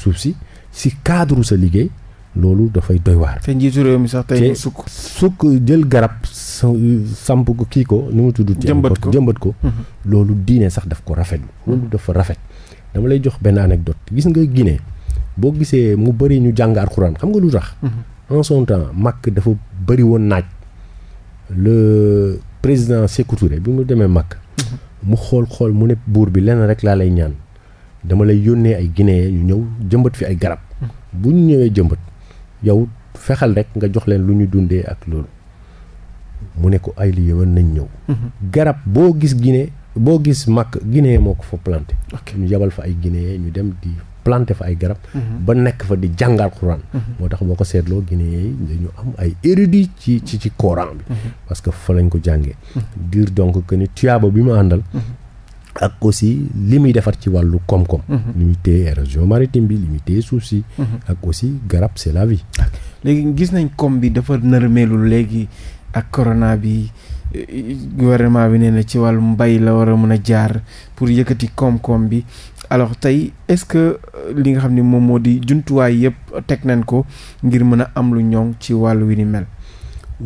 suuf si si cadre sa liggéey. loolu dafay doy waar. te njiitu réew mi sax tey sukk sukk jël garab sa samp ko kii ko nu mu tudd. jëmbat ko jëmbat ko. Mhm. loolu diine sax daf ko rafetlu. Mhm. loolu dafa rafet dama lay jox benn anecdote gis nga gine boo gisee mu bëri ñu jàng alxuraan xam nga lu tax. Mhm. en son temps Makk dafa bëri woon naaj. le président Sékou bi mu demee Makk. mu xool xool mu ne buur bi lenn rek laa lay ñaan dama lay yónnee ay gine yu ñëw jëmbat fi ay garab. bu ñu ñëwee jëmbat. yow fexal rek nga jox leen lu ñu dundee ak loolu mu ne ko ay li yowoon nañ ñëw mhm. garab boo gis Guinée boo gis màkk Guinée moo ko fa planté ñu yabal fa ay Guinée ñu dem di palante fa ay garab mhm. ba nekk fa di jàngal Quran mhm. moo tax boo ko seetloo Guinée yi dañu am ay érudit ci ci ci Coran bi parce que fa lañ ko jàngee diir donc que ni tuyaaba bi mu àndal ak aussi li muy defar ci wàllu koom-koom. Mhm. li érosion maritime bi li muy téye suuf si. Mhm. ak aussi garab c'est la léegi gis nañ koom bi dafa nërmeelu léegi ak corona bi gouvernement bi nee na ci wàllu mbay la war a mën a jaar pour yëkkati koom-koom bi alors tey est-ce que euh, li nga xam ni moom moo di jumtuwaay yëpp teg nañ ko ngir mën a am lu ñoŋ ci wàllu wi ni mel.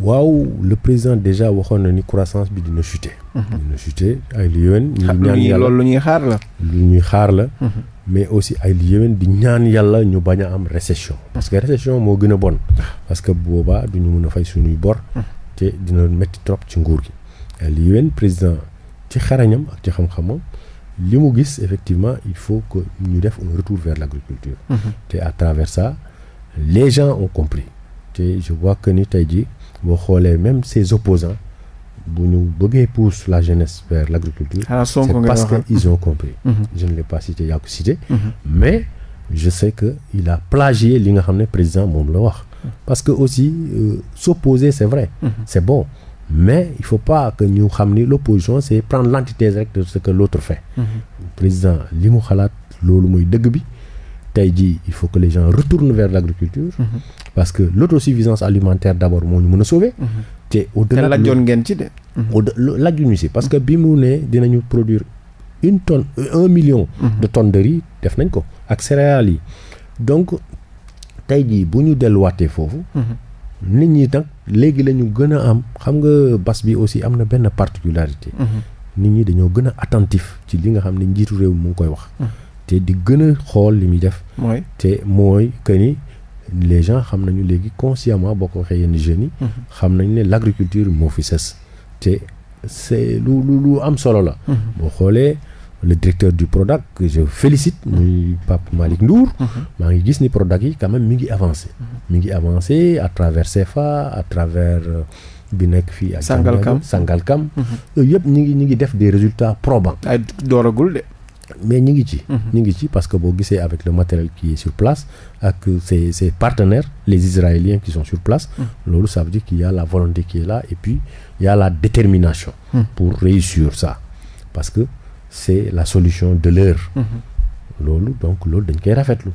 waaw le président déjà waxoon na ni croissance bi dina chuter. Mhm. dina chuter ay li yéwén. ñu ñaan yàlla loolu lu ñuy xaar la. lu ñuy xaar la. Mhm. mais aussi ay li yéwén di ñaan yàlla ñu bañ a am récession. Mhm. parce que récession moo gën a bon. parce que booba du ñu mën a fay suñuy bor. te dina métti trop ci nguur gi. ay li yéwén président ci xarañam ak ci xam-xamam li mu gis effectivement il faut que ñu def un retour vers l'agriculture. te à travers ça les gens ont compris. te je vois que ni tey jii. boo xoolee même ses opposants bu ñu bëggee pousse la jeunesse vers l' agriculture. Ah, c'est parce que ils ont compris. Mm-hmm. je ne l'ai pas cité yaa ko cité. Mm-hmm. mais je sais que a plagié li nga xam ne président moom la wax. parce que aussi euh, s'opposer c'est vrai. Mm-hmm. c'est bon mais il faut pas que ñu xam ni l'opposition c'est prendre l'antithèse rek de ce que l'autre fait. président li mu xalaat loolu mooy dëgg bi. tey jii il faut que les gens retournent vers l' agriculture. Mhm. parce que l' autosuffisance alimentaire d' moo ñu mën a sauver. Mhm. te au ngeen ci de. Mhm. au si parce que bi mu ne dinañu produire une tonne euh, un million. de tonnes de riz def nañ ko ak céréales yi donc tey jii bu ñu delluwaatee foofu. nit ñi nag léegi la ñu gën a am xam nga bas bi aussi am na benn particularité. nit ñi dañoo gën a attentif ci li nga xam ne njiitu réew mi mu ngi koy wax. te di gën xool li muy def. mooy te mooy que ni les gens xam nañu léegi consciemment boo ko waxee yenn jeunes yi. Mhm. xam nañu ne l' moo fi sës te c' est lu lu lu am solo la. Mhm. boo xoolee le directeur du Prodac que je félicite mhm. muy Pape Malick Ndour. maa ngi gis ni Prodac yi quand même mi ngi avancé. mi ngi avancé à travers CFA à travers. Euh, bi nekk fii ak. Sangalkam Sangalkam. yooyu ñu ngi ñu ngi def des résultats probants. ay de. mais ñu ngi ci. Mhm. ñu ngi ci parce que boo gisee avec le matériel qui est sur place ak ses ses partenaires les Israéliens qui sont sur place. Mhm. loolu ça veut dire qu'il y a la volonté qui est là et y la détermination. Mhm. pour réussir ça parce que c'est la solution de l'heure. loolu donc loolu dañ koy rafetlu.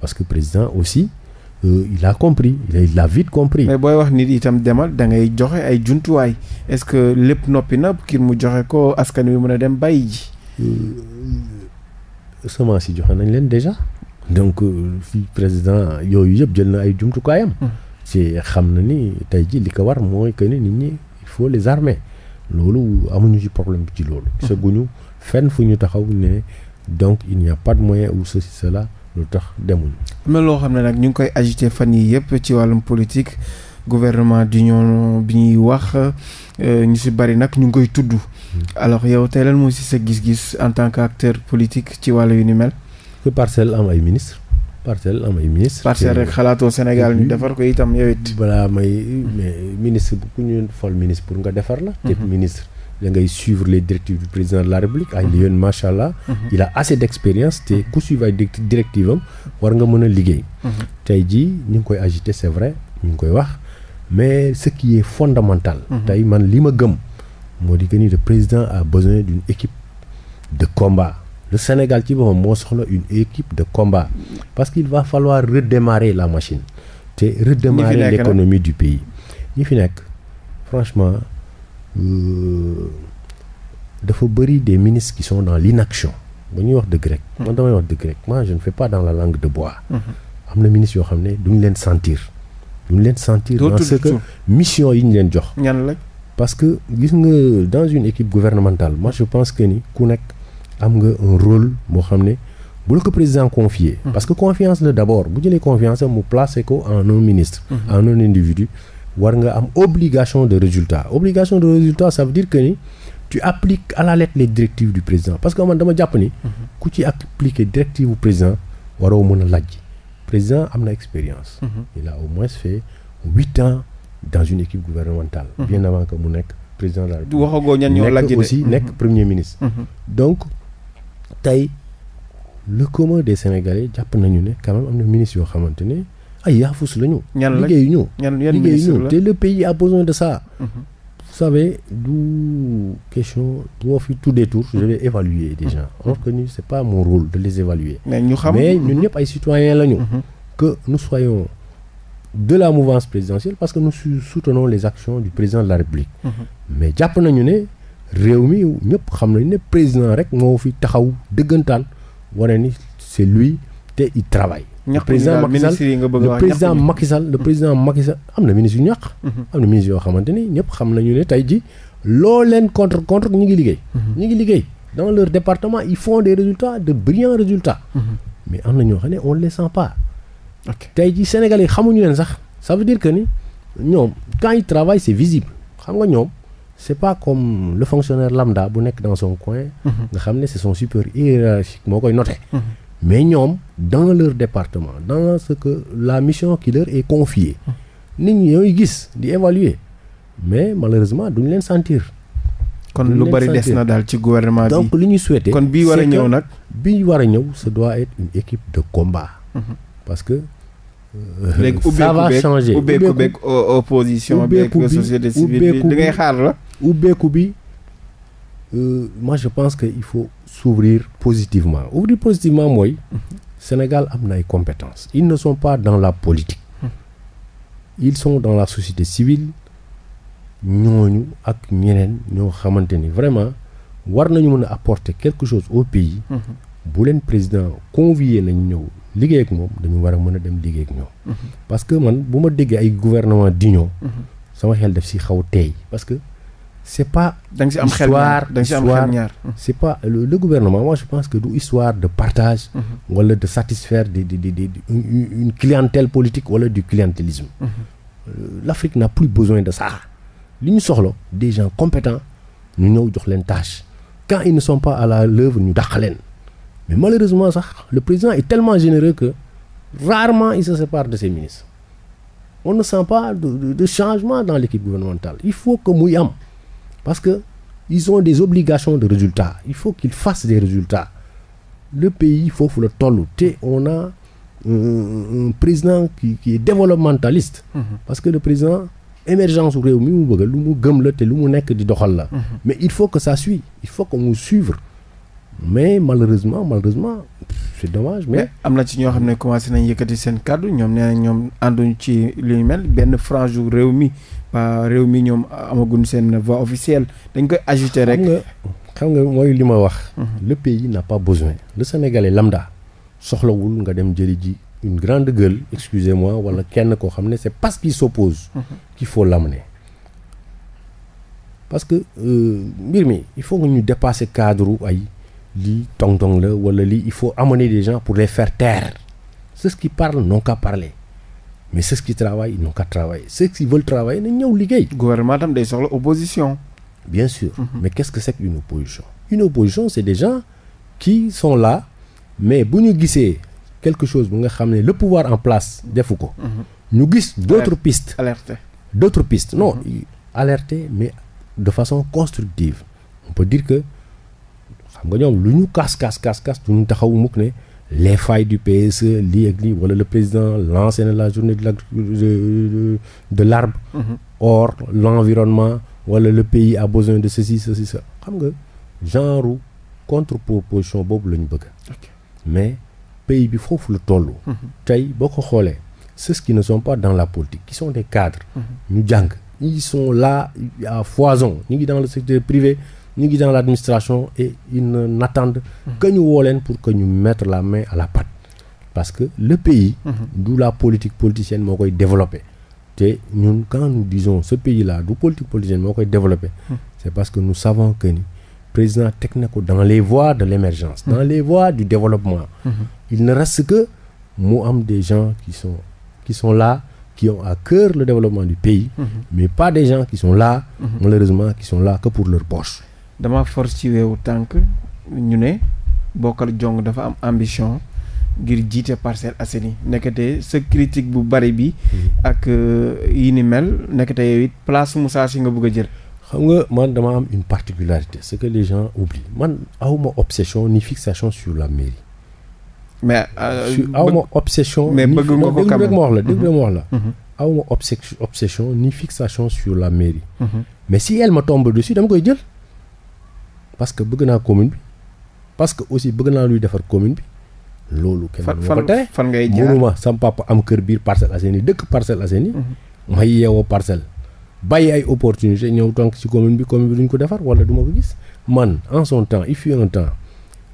parce que président aussi. Euh, il a compris il a vite compris. mais booy wax nit itam demal da ngay joxe ay jumtuwaay est-ce que lépp noppi na kii mu joxe ko askan wi mën a dem bàyyi ji. Euh, semence yi joxe nañ leen déjà donc euh, fii président yooyu yëpp jël na ay jumtukaayam ci xam na ni tey ji li ko war mooy que ni nit ñi il faut les armer loolu amuñu ci problème bi ci loolu gisaguñu fenn fu ñu taxaw ne donc il n'y pas moyen ou ceci la lu tax demuñu mais loo xam ne nag ñu ngi koy agité fan yii yëpp ci wàllum politique gouvernement ñoo bi ñuy wax euh, ñu si bari nag ñu ngi koy tudd alors yow tey lan moo si sa gis-gis en tant qu'acteur politique ci wàllu yu ni mel. que parcelle am ay ministre parcelle am ay ministre parcelle rek xalaatoo Sénégal ñu mhm. defar ko itam yow it. balaa may mais ministre bu ku ñu fal ministre pour nga defar la. te mhm. ministre. da ngay suivre les directives du président de la république ay li mhm. yoon macha allah. il a assez d' expérience te ku suivre ay directives am war nga mën a liggéey. tey jii ñu ngi koy agité c' est vrai ñu ngi koy wax mais ce qui est fondamental tey man li ma gëm. moo di que ni le président a besoin d'une équipe de combat le Sénégal ci boppam moo soxla une équipe de combat parce qu'il va falloir redémarrer la machine te redémarrer l'économie du pays ñi fi nekk franchement euh, dafa bëri des ministres qui sont dans l'inaction ba ñuy wax dëgg rek hmm. man damay wax dëgg rek moi je ne fais pas dans la langue de bois hmm. am na ministres yoo xam ne duñu leen sentir duñu leen sentir dans ce que mission yi ñu leen jox parce que gis nga dans une équipe gouvernementale moi je pense que ni ku nekk am nga un rôle boo xam ne bu la ko président confier mm-hmm. parce que confiance la d' abord bu jëlee confiance mu placé ko en un ministre mm-hmm. en un individu war nga am obligation de résultat obligation de résultat ça veut que ni tu appliques à la lettre les directives du président parce que man dama jàpp ni mm-hmm. ku ci appliquer directive bu président waroo mën a laaj président am na expérience il a au dans une équipe gouvernementale. Mhm. bien avant que mu nekk président de la République. ñan ñoo lajj de nekk aussi nekk mhm. premier ministre. Mhm. donc tey le commun des sénégalais jàpp nañu ne quand même am na ministre yoo xamante ay yaafus lañu. ñan ñu te le pays a besoin de ça. vous savez du question boo fi tout détour je vais évaluer des gens alors que ni c'est pas mon rôle de les évaluer. mais ñu xam mais ñun ñëpp ay citoyens lañu. que nous soyons. de la mouvance présidentielle parce que nous soutenons les actions du président de la République. Mmh. mais jàpp nañu ne réew mi ñëpp xam nañu ne président rek moo fi taxaw dëggantaan wane ni c'est lui te il travaille. le président Macky Sall le président Macky Sall le am na ministre yu ñàkk. Mhm. am na ministre yoo xamante ni ñëpp xam nañu ne tey ji loo contre contre ñu ngi liggéey. Mhm. ñu ngi liggéey dans leur département ils font des de brillants résultats. Mhm. mais am na tey ji Sénégal yi xamuñu leen sax ça veut dire que ni ñoom quand ils travaillent c'est visible xam nga ñoom c'est pas comme le fonctionnaire lamda bu nekk dans son coin mhm. nga xam ne c'est son supérieur hiérarchique moo koy noté mhm. mais ñoom dans leur département dans ce que la mission qui leur est confiée mhm. nit ñi ñooy gis di évaluer mais malheureusement duñ leen sentir kon lu bari des na daal ci gouvernement bi donc li ñuy souhaité kon bii war a ñëw nag bii war a ñëw ce doit être équipe de combat Euh, léegi ubbeeku beeg ça va changer ubbeeku beeg opposition bi da ngay xaar la. ubbeeku bi euh, moi je pense que il faut s'ouvrir positivement ouvrir positivement mooy Sénégal am na ay compétence ils ne sont pas dans la politique ils sont dans la société civile ñooñu ak ñeneen ñoo xamante ni vraiment war nañu mën a apporter quelque chose au pays mhm. bu leen président convier nañu ñëw liggéey ak moom dañu war a mën a dem liggéey ak ñoom. parce que man bu ma déggee ay di d'union sama xel def si xaw teey parce que c' pas. da nga si am xel ñaar da nga am xel ñaar c' est pas le, le gouvernement je pense que du histoire de partage. wala de satisfaire di di di di une clientèle politique wala du clientélisme. Euh, l' Afrique n'a plus besoin de ça. li ñu soxla des gens compétents ñu ñëw jox leen tâche quand ils ne sont pas à la l'œuvre ñu dàq leen. mais malheureusement sax le président est tellement généreux que rarement il se sépare de ses ministres on ne sent pas de, de, de changement dans l'équipe gouvernementale il faut que muy am parce que ils ont des obligations de résultat il faut qu'ils fassent des résultats le pays foofu la toll te on a un, président qui, qui est développementaliste mhm. parce que le président émergence réew mi mu bëgg lu mu gëm la te lu mu nekk di doxal la mhm. mais il faut que ça suive mu suivre mais malheureusement malheureusement c'est dommage mais. am na ci ñoo xam ne commencé nañ yëkkati seen kàddu ñoom nee na ñoom ànduñ ci li ñu mel benn frange réew mi réew mi ñoom a amaguñ seen voix officielle dañ koy ajouter rek. xam nga mooy li ma wax. Mhm. le yi n'a pas besoin. le sénégalais lamda soxlawul nga dem jëli ji une grande gueule excusez-moi wala kenn koo xam ne c'est parce qu'il s'oppose mhm. qu'il faut l'amener parce que euh, mbir mi il faut que ñu dépasser cadre ay. li tong-tong la wala lii il faut amener des gens pour les faire taire ceux qui parlent n'ont qu'à parler mais ceux qui travaillent n'ont qu'à travailler ceux qui veulent travailler nañ ñëw liggéey. gouvernement tam day soxla opposition. bien sûr mm -hmm. mais qu'est-ce que c'est qu'une opposition une opposition c'est des gens qui sont là mais bu ñu gisee quelque chose bu nga xam ne le pouvoir en place defu ko. Mm-hmm. ñu gis d'autres pistes. alerter d'autres pistes non mm-hmm. alerter mais de façon constructive xam nga ñoom lu ñu kaas kaas kaas kaas du ñu taxaw mukk ne les failles du PSE lii ak lii wala le président lancé na la journée de la de l'arbre mhm. or l'environnement wala le pays à besoin de ceci ceci ça xam nga genre contre-proposition boobu la ñu mais pays bi foofu la toll mhm. tey boo ko xoolee ceux qui ne sont pas dans la politique qui sont des cadres mhm. ñu jàng ils sont là foison ñu ngi dans le secteur privé ñu ngi dans l' administration et ils n'attendent mhm. que ñu woo pour que ñu mettre la main à la pâte parce que le pays mhm. du la politique politicienne moo koy développé te ñun quand nous disons ce pays là du politique politicienne moo koy développé mhm. c' est parce que nous savons que ni président teg dans les voies de l' émergence dans les voies du développement il ne reste que mu am des gens qui sont qui sont là qui ont à cœur le développement du dama force ci weewu tànk ñu ne bokkal jong dafa am ambition ngir jiite Parcelles Assainies nekkate sa critique bu bari bi mhm. ak euh, yi ni mel nekkate yow it place Moussa Sy nga bëgg a jël xam nga man dama am une particularité ce que les gens oublient man awma obsession ni fixation sur la mairie mais euh, awma obsession mais bëgg nga ko quand même ma wax mhm. mhm. si elle me tombe dessus dama koy jël parce que bëgg naa commune bi parce que aussi bëgg naa luy defar commune bi loolu. kenn du ma ko fan ngay jaar mënuma sam papa am kër biir Parcelles Assainies dëkk Parcelles Assainies. Mhm. may yeewoo parcelle. bàyyi ay opportunité ñëw tànk ci commune bi commune bi duñ ko defar wala du ma ko gis man en son temps il fut un temps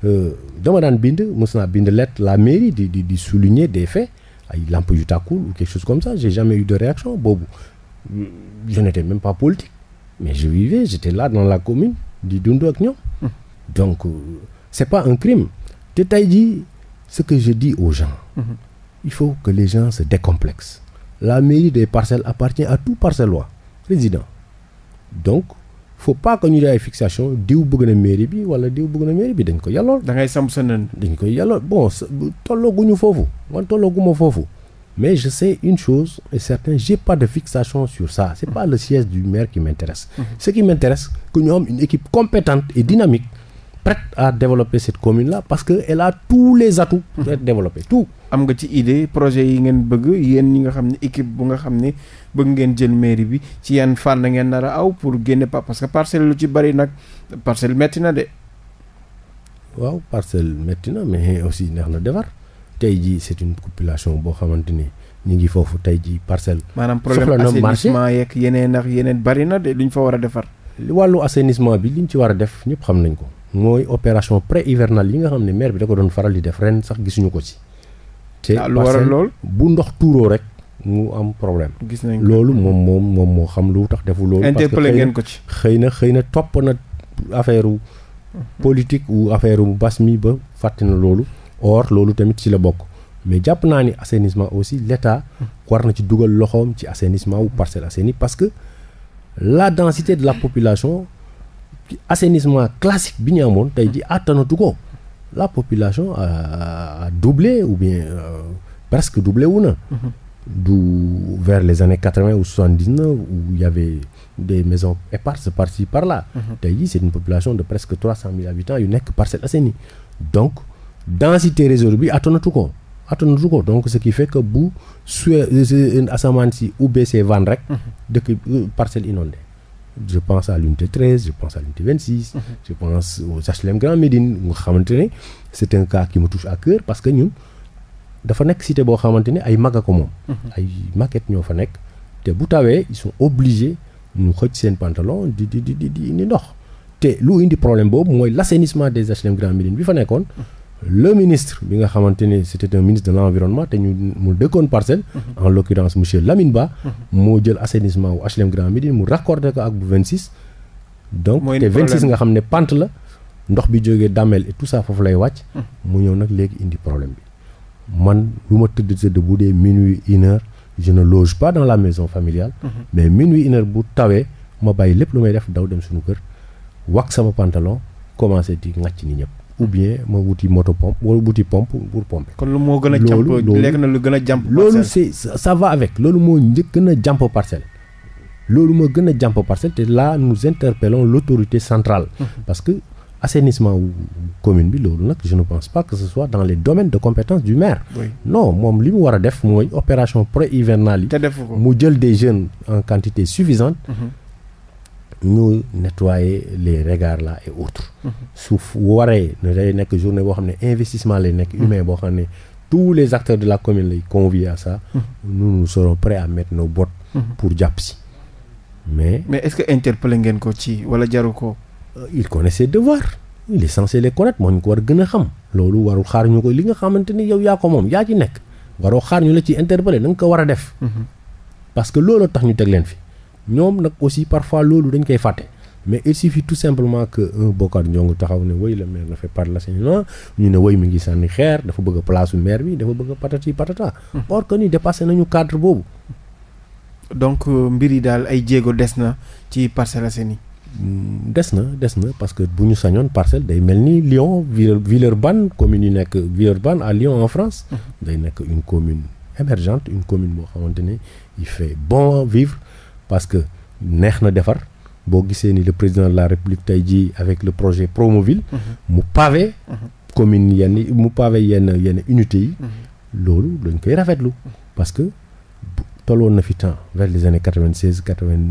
euh, dama daan bind mos bind lettre la mairie di di di souligner des faits ay lampe yu tàkkul ou quelque chose comme ça j'ai jamais eu de réaction boobu je n'étais même pas politique mais je vivais j'étais la commune. di dund ak ñoom. donc euh, c'est pas un crime te tey jii ce que je dis aux gens. il faut que les gens se décomplexent. la mairie des parcelles appartient à tout parcellois résident donc faut pas que ñu def ay fixation diw bëgg na mairie bi wala diw bëgg na mairie bi dañ ko yàllool. dangay ngay sam sa nen. dañ ko yàllool bon tollooguñu foofu man tollooguma foofu. Mais je sais une chose est certaine, j'ai pas de fixation sur ça. C'est pas le siège du maire qui m'intéresse. Mhm. Ce qui m'intéresse, que nous avons une équipe compétente et dynamique, prête à développer cette commune la parce que qu'elle a tous les atouts pour être Tout. am nga ci idée projet yi ngeen bëgg yéen ñi nga xam ne équipe bu nga xam ne bëgg ngeen jël mairie bi ci yan fànn ngeen nar a aw pour génne pa que parcelle lu ci bari nag parcelle metti na de. waaw parcelle metti na mais aussi neex na defar. tey jii c' est une population boo xamante ni ñu ngi foofu tey jii parcelle. maanaam problème assainissement yeeg yeneen ak yeneen bari na de luñ fa war a defar. wàllu assainissement bi liñ ci war a def ñëpp xam nañ ko mooy opération pré hivernale yi nga xam ne maire bi da ko doon faral di def ren sax gisuñu ko ci. te ah, parcelle bu ndox tuuroo rek. mu am problème. gis nañ loolu moom moom moom moo xam lu tax defu loolu. interpellé ngeen ko ci xëy na xëy na topp na affaire mhm. politique ou affaire mu bas mi ba fàtte na loolu. or loolu tamit ci la bokk mais jàpp naa ni assenissement aussi l'État war na ci dugal loxoom ci assainissement wu Parcelles Assainies parce que la densité de la population assenissement classique bi ñu amoon tey ji àttanatu ko la population a doublé ou bien euh, presque doublé wu na du vers les années quatre-vingt ou soixante-dix-neuf où il y avait des maisons éparses par par la mmh tey ji c'est une population de presque trois cent mille habitants yu nekk Parcelles Assainies donc densité réseau bi attanatu ko attanatu ko donc ce qui fait que bu suy asamaan si ubbee ses vannes rek. Mhm. dëkk euh, parcelle inondée. je pense à l'unité 13 je pense à l'unité 26. Mmh. je pense aux HLM Grand Médine nga xamante ne c'est un cas qui me touche à cœur parce que ñun dafa nekk cité boo xamante ne ay mag ko moom. Mhm. ay maquettes ñoo fa nekk. te bu tawee ils sont obligés ñu xëcc seen pantalon di di di di indi ndox te lu indi problème boobu mooy l'assainissement des HLM Grand bi fa nekkoon. Mhm. le ministre bi nga xamante ni c'était un ministre de l'environnement te ñu mu dëkkoon parcel mm-hmm. en l'occurrence monsieur Lamine Ba mm-hmm. moo jël assainissement wu HLM mu raccordé ko ak bu 26 donc te 26 nga xam ne pente la ndox bi jógee Damel et tout ça foofu lay wàcc mm-hmm. mu ñëw nag léegi indi problème bi man lu ma tëdd tëdd bu dee minuit une heure je pas dans la maison familiale mais minuit une heure bu tawee ma bàyyi lépp lu may def daw dem suñu kër wax sama pantalon commencé di ŋàcc ni ñëpp ou bien ma wuti moto pompe wala wuti pompe pour pomper. kon lu moo gën a jàmp lekk na lu gën a jàmp. loolu loolu moo njëkk gën a jàmp parcelle. loolu moo gën a jàmp parcelle te là nous interpellons l'autorité centrale. Mmh. parce que assainissement commune bi loolu nag je ne pense pas que ce soit dans les domaines de compétence du maire. Oui. non moom li mu war a def mooy opération pré hivernale yi. te def mu jël des jeunes en quantité suffisante. Mmh. ñu nettoyer les regards là et autres. Mmh. su waree day nekk journée boo xam ne investissement lay nekk mmh. humain boo xam ne tous les acteurs de la commune lay convier à ça. Mmh. nous nous serons prêts mettre nos bottes. pour jàpp si mais. mais est-ce que interpellé ngeen ko ci wala jaru ko. Euh, il connaît ses devoirs il est censé les ñu ko war gën a xam loolu warul xaar ñu ko li nga xamante ni yow yaa ko moom yaa ci nekk waroo xaar ñu la ci interpellé da ko war a def. parce que looloo tax ñu teg leen ñoom nag aussi parfois loolu dañ koy fàtte mais il suffit tout simplement que un Bokar Ndiongue taxaw ne woy le maire ne fait pas de l'assainissement ñu ne woy mi ngi sànni xeer dafa bëgg a place maire bi dafa bëgg a patati patata. Hmm. or que ni dépassé nañu cadre boobu. donc euh, mbir yi daal ay jéego des na ci Parcelles Assainies. Hmm, des na des na parce que bu ñu sañoon parcelle day mel ni Lyon Villeurbanne commune yi nekk Villeurbanne à Lyon en France. Hmm. day nekk une commune émergente une commune boo xamante ne il bon vivre. parce que neex na defar boo gisee ni le président de la république tey jii avec le projet Promoville. Mhm. mu pavé. Mhm. commune yenn mu pavé yenn yenn unité yi. Mhm. loolu dañ koy rafetlu parce que tolloon na fi temps vers les années quatre vingt seize quatre vingt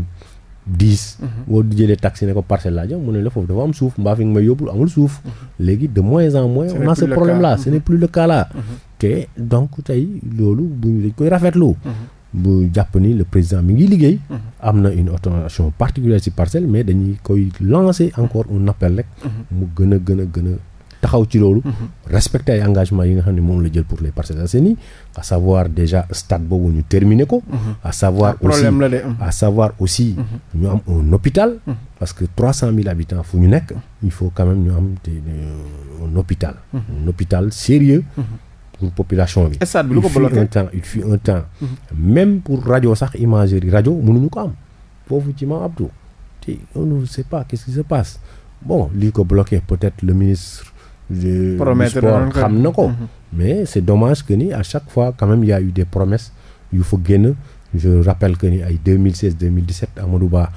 dix. boo jëlee taxi ne ko parcelle laa jëm mu ne la foofu dafa am suuf mbaa fi nga may yóbbul amul suuf. léegi de moins en moins. on a ce problème là ce n'est plus la cas te donc tey loolu bu dañ koy rafetlu. bu jàpp ni le président mi ngi liggéey. Mhm. am na une autorisation particulière ci parcelle mais dañuy koy lancer encore un appel rek. Mhm. mu gën a gën taxaw ci loolu. Mhm. respecter ay engagements yi nga xam ne moom la jël pour les Parcelles Assainies à savoir déjà stade boobu ñu terminer ko. Ah, à savoir aussi problème la de à savoir aussi. ñu am un hôpital. parce que trois cent mille habitants fu ñu nekk. il faut quand même ñu am un hôpital. un hôpital sérieux pour population bi. stade bi lu un temps il fut un temps. même pour rajo sax imagerie rajo mënuñu ko am foofu ci ma Abdou te on ne sait pas qu'est-ce qui passe bon lii ko bloqué peut-être le ministre. du sport xam na ko. Mhm. mais c'est domage que ni à chaque fois quand même eu des promesses yu fa génn je rappelle que ni ay 2016 2017 Amadou Ba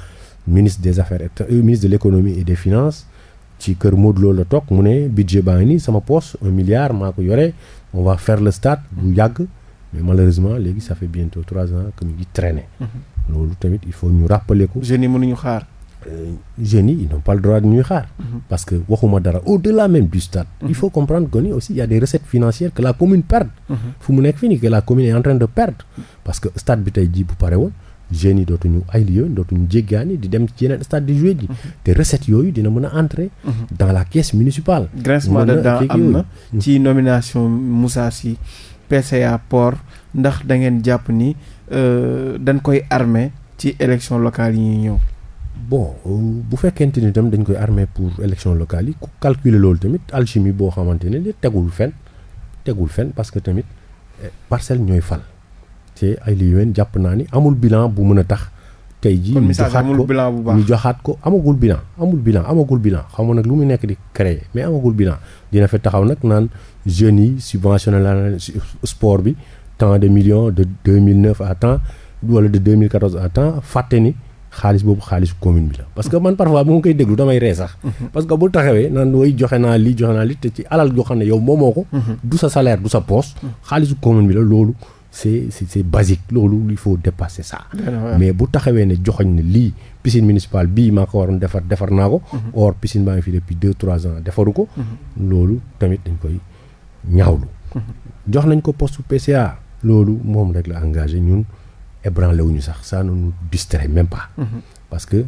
ministre des affaires et euh, ministre de l'économie et des finances ci kër Modou Lo la toog mu ne budget baa nii sama poche un milliard yore. on va faire le stade bu yàgg malheureusement léegi ça fait bientôt trois ans que ñu ngi mhm. loolu tamit il faut ñu rappeler ko. mënuñu xaar. Euh, jeunes yi ils pas le droit ñuy xaar. Mhm. parce que waxuma dara au-delà même du stade. il mhm. faut comprendre que aussi il a des recettes financières que la commune perd. fu mu nekk fii nii que la commune est en de perdre parce que stade bi tey jii bu pare woon. jeunes yi dootuñu ay lieu dootuñu jéggaani di dem ci yeneen stade di jouer ji mhm. te recette yooyu dina mën a entrer mhm. dans la caisse municipale grincement de dents am na mhm. ci nomination Moussa Sy port ndax dangeen jàpp ni euh, dañ koy armé ci élection locale yi ñuy ñëw bon bu fekkente ni tam dañ koy armé pour élection locale yi ku calculer loolu tamit alchimie boo xamante ne tegul fen tegul fen parce eh, ñooy fal te ay li yowén jàpp naa ni amul bilan bu mën a tax tey ji ñu joxaat ko ñu joxaat ko amagul bilan amul bilan amagul bilan xam nga nag lu muy nekk di créer mais amagul bilan dina fa taxaw nag naan jeunes yi subventionné la sport bi tant de millions de 2009 à temps wala de 2014 à temps fàtte ni xaalis boobu xaalisu commune bi la parce que man parfois bu ma koy déglu damay ree sax mhm. parce que bu taxawee naan way joxe naa li joxe naa li te xam ne yow moomoo mhm. sa salaire du sa poste mhm. xaalisu commune c'est c'est c'est basique loolu il faut dépasser ça mais bu taxawee ne joxoñ ne lii piscine municipale bii maa ko waroon defar defar naa ko mhm. or piscine baa ngi fi depuis deux trois ans defaru ko mhm. loolu tamit dañ koy ñaawlu mhm. jox nañ ko poste PCA loolu moom rek la engagé ñun ébranlé wuñu sax ça ne distrait même pas parce que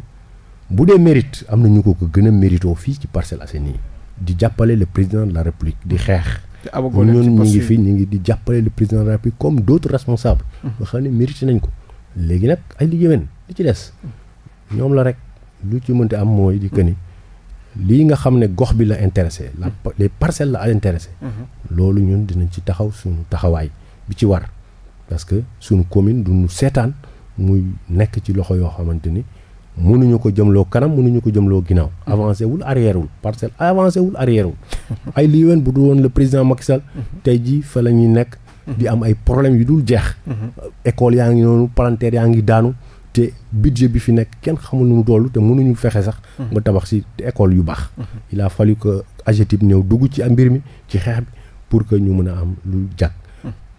bu dee mérite am na ñu ko ko gën a méritoo fii ci Parcelles Assainies di jàppale le président de la République di xeex te abagoo leen ñun ñu ngi fi ñu ngi di jàppale le président de la République comme d' autres responsables. Mhm. nga xam ne mérité nañ ko. léegi nag ay li jëwén li ci des ñoom la rek lu ci mënti am mooy di que ni lii nga xam ne gox bi la intéressé la mhm. les parcelles la intéressé mhm. loolu ñun dinañ ci taxaw suñu taxawaay bi ci war parce que suñu commune duñu seetaan muy nekk ci loxo yoo xamante ni mënuñu ko jëmloo kanam mënuñu ko jëmloo ginnaaw hmm. avancé wul arrière wul parcelle avancé wul arrière wul ay bu du woon le président Macky Sall hmm. tey jii fa la ñuy nekk di hmm. am ay problèmes yu dul jeex école yaa ngi noonu palanteer yaa ngi daanu te budget bi fi nekk kenn xamul nu mu toll te mënuñu fexe sax ba tabax si école yu baax il a fallu que AGETIP ñëw dugg ci mbir mi ci xeex bi pour que ñu mën a am lu jàkk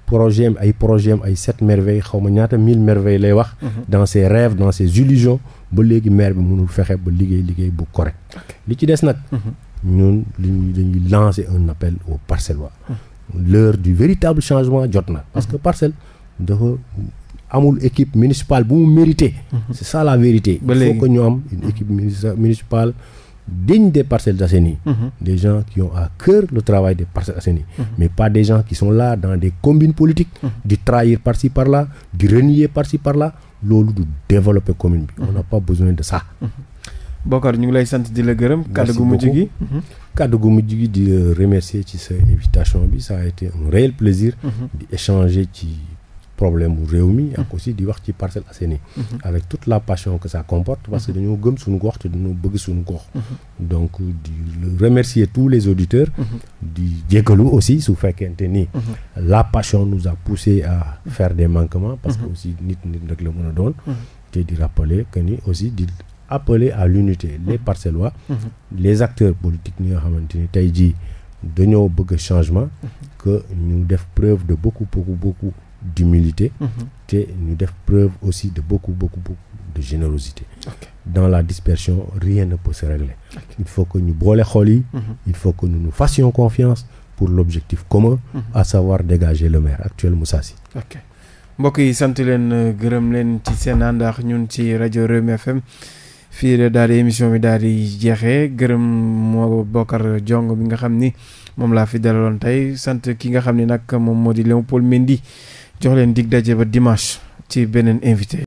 projet ay projet ay sept merveilles xaw ma ñaata mille merveilles lay wax dans ses rêves dans ba léegi maire bi mënul fexe ba liggéey liggéey bu correct li ci des nag mhm. ñun liñu dañuy lancer un appel aux Parcellois mhm. l'heure du véritable changement jot na parce mhm. que Parcelles dafa amul équipe municipale bu mu mérité c'est ça la vérité il faut que ñu am une équipe municipale digne des Parcelles Assainies des gens qui ont à cœur le travail des Parcelles Assainies mais pas des gens qui sont là dans des combines politiques du trahir par par-là du renier par par-là loolu du développer commune bi. on n'a pas besoin de ça. Bokar ñu ngi lay sant di la gërëm. kàddu gu mujj gi mhm. mhm. kàddu gu mujj gi di remercier ci sa invitation bi ça a un réel plaisir. Mhm. di échanger ci. problème bu réew mi ak mm-hmm. aussi di wax ci Parcelles Assainies mm-hmm. avec toute la passion que ça comporte parce que mm-hmm. dañoo gëm suñu gox te dañoo bëgg suñu gox donc di remercier tous les auditeurs di jéggalu aussi su fekkente ni la passion nous a poussé à faire des manquements parce que aussi nit nit rek la mën a doon te di rappeler que ni aussi di appeler à l'unité les Parcellois les acteurs politiques ñi nga xamante ni tey jii dañoo bëgg changement que ñu def preuve de d'humilité mhm. te ñu def preuve aussi de beaucoup beaucoup beaucoup de générosité dans la dispersion rien ne pour se régler il faut que ñu boole xool yi mhm. il faut que nous nous fassions confiance pour l'objectif commun mhm. à savoir dégager le maire actuel Moussa Sy ok mbokk yi sant leen gërëm leen ci seen ànd ak ñun ci rajo Rewmi FM fii la daal di émission bi daal di jeexee gërëm moo Bocar jong bi nga xam ni moom laa fi dalaloon tey sant ki nga xam ni nag moom moo di Léopold Mendy jox leen dig daje ba dimanche ci beneen invité.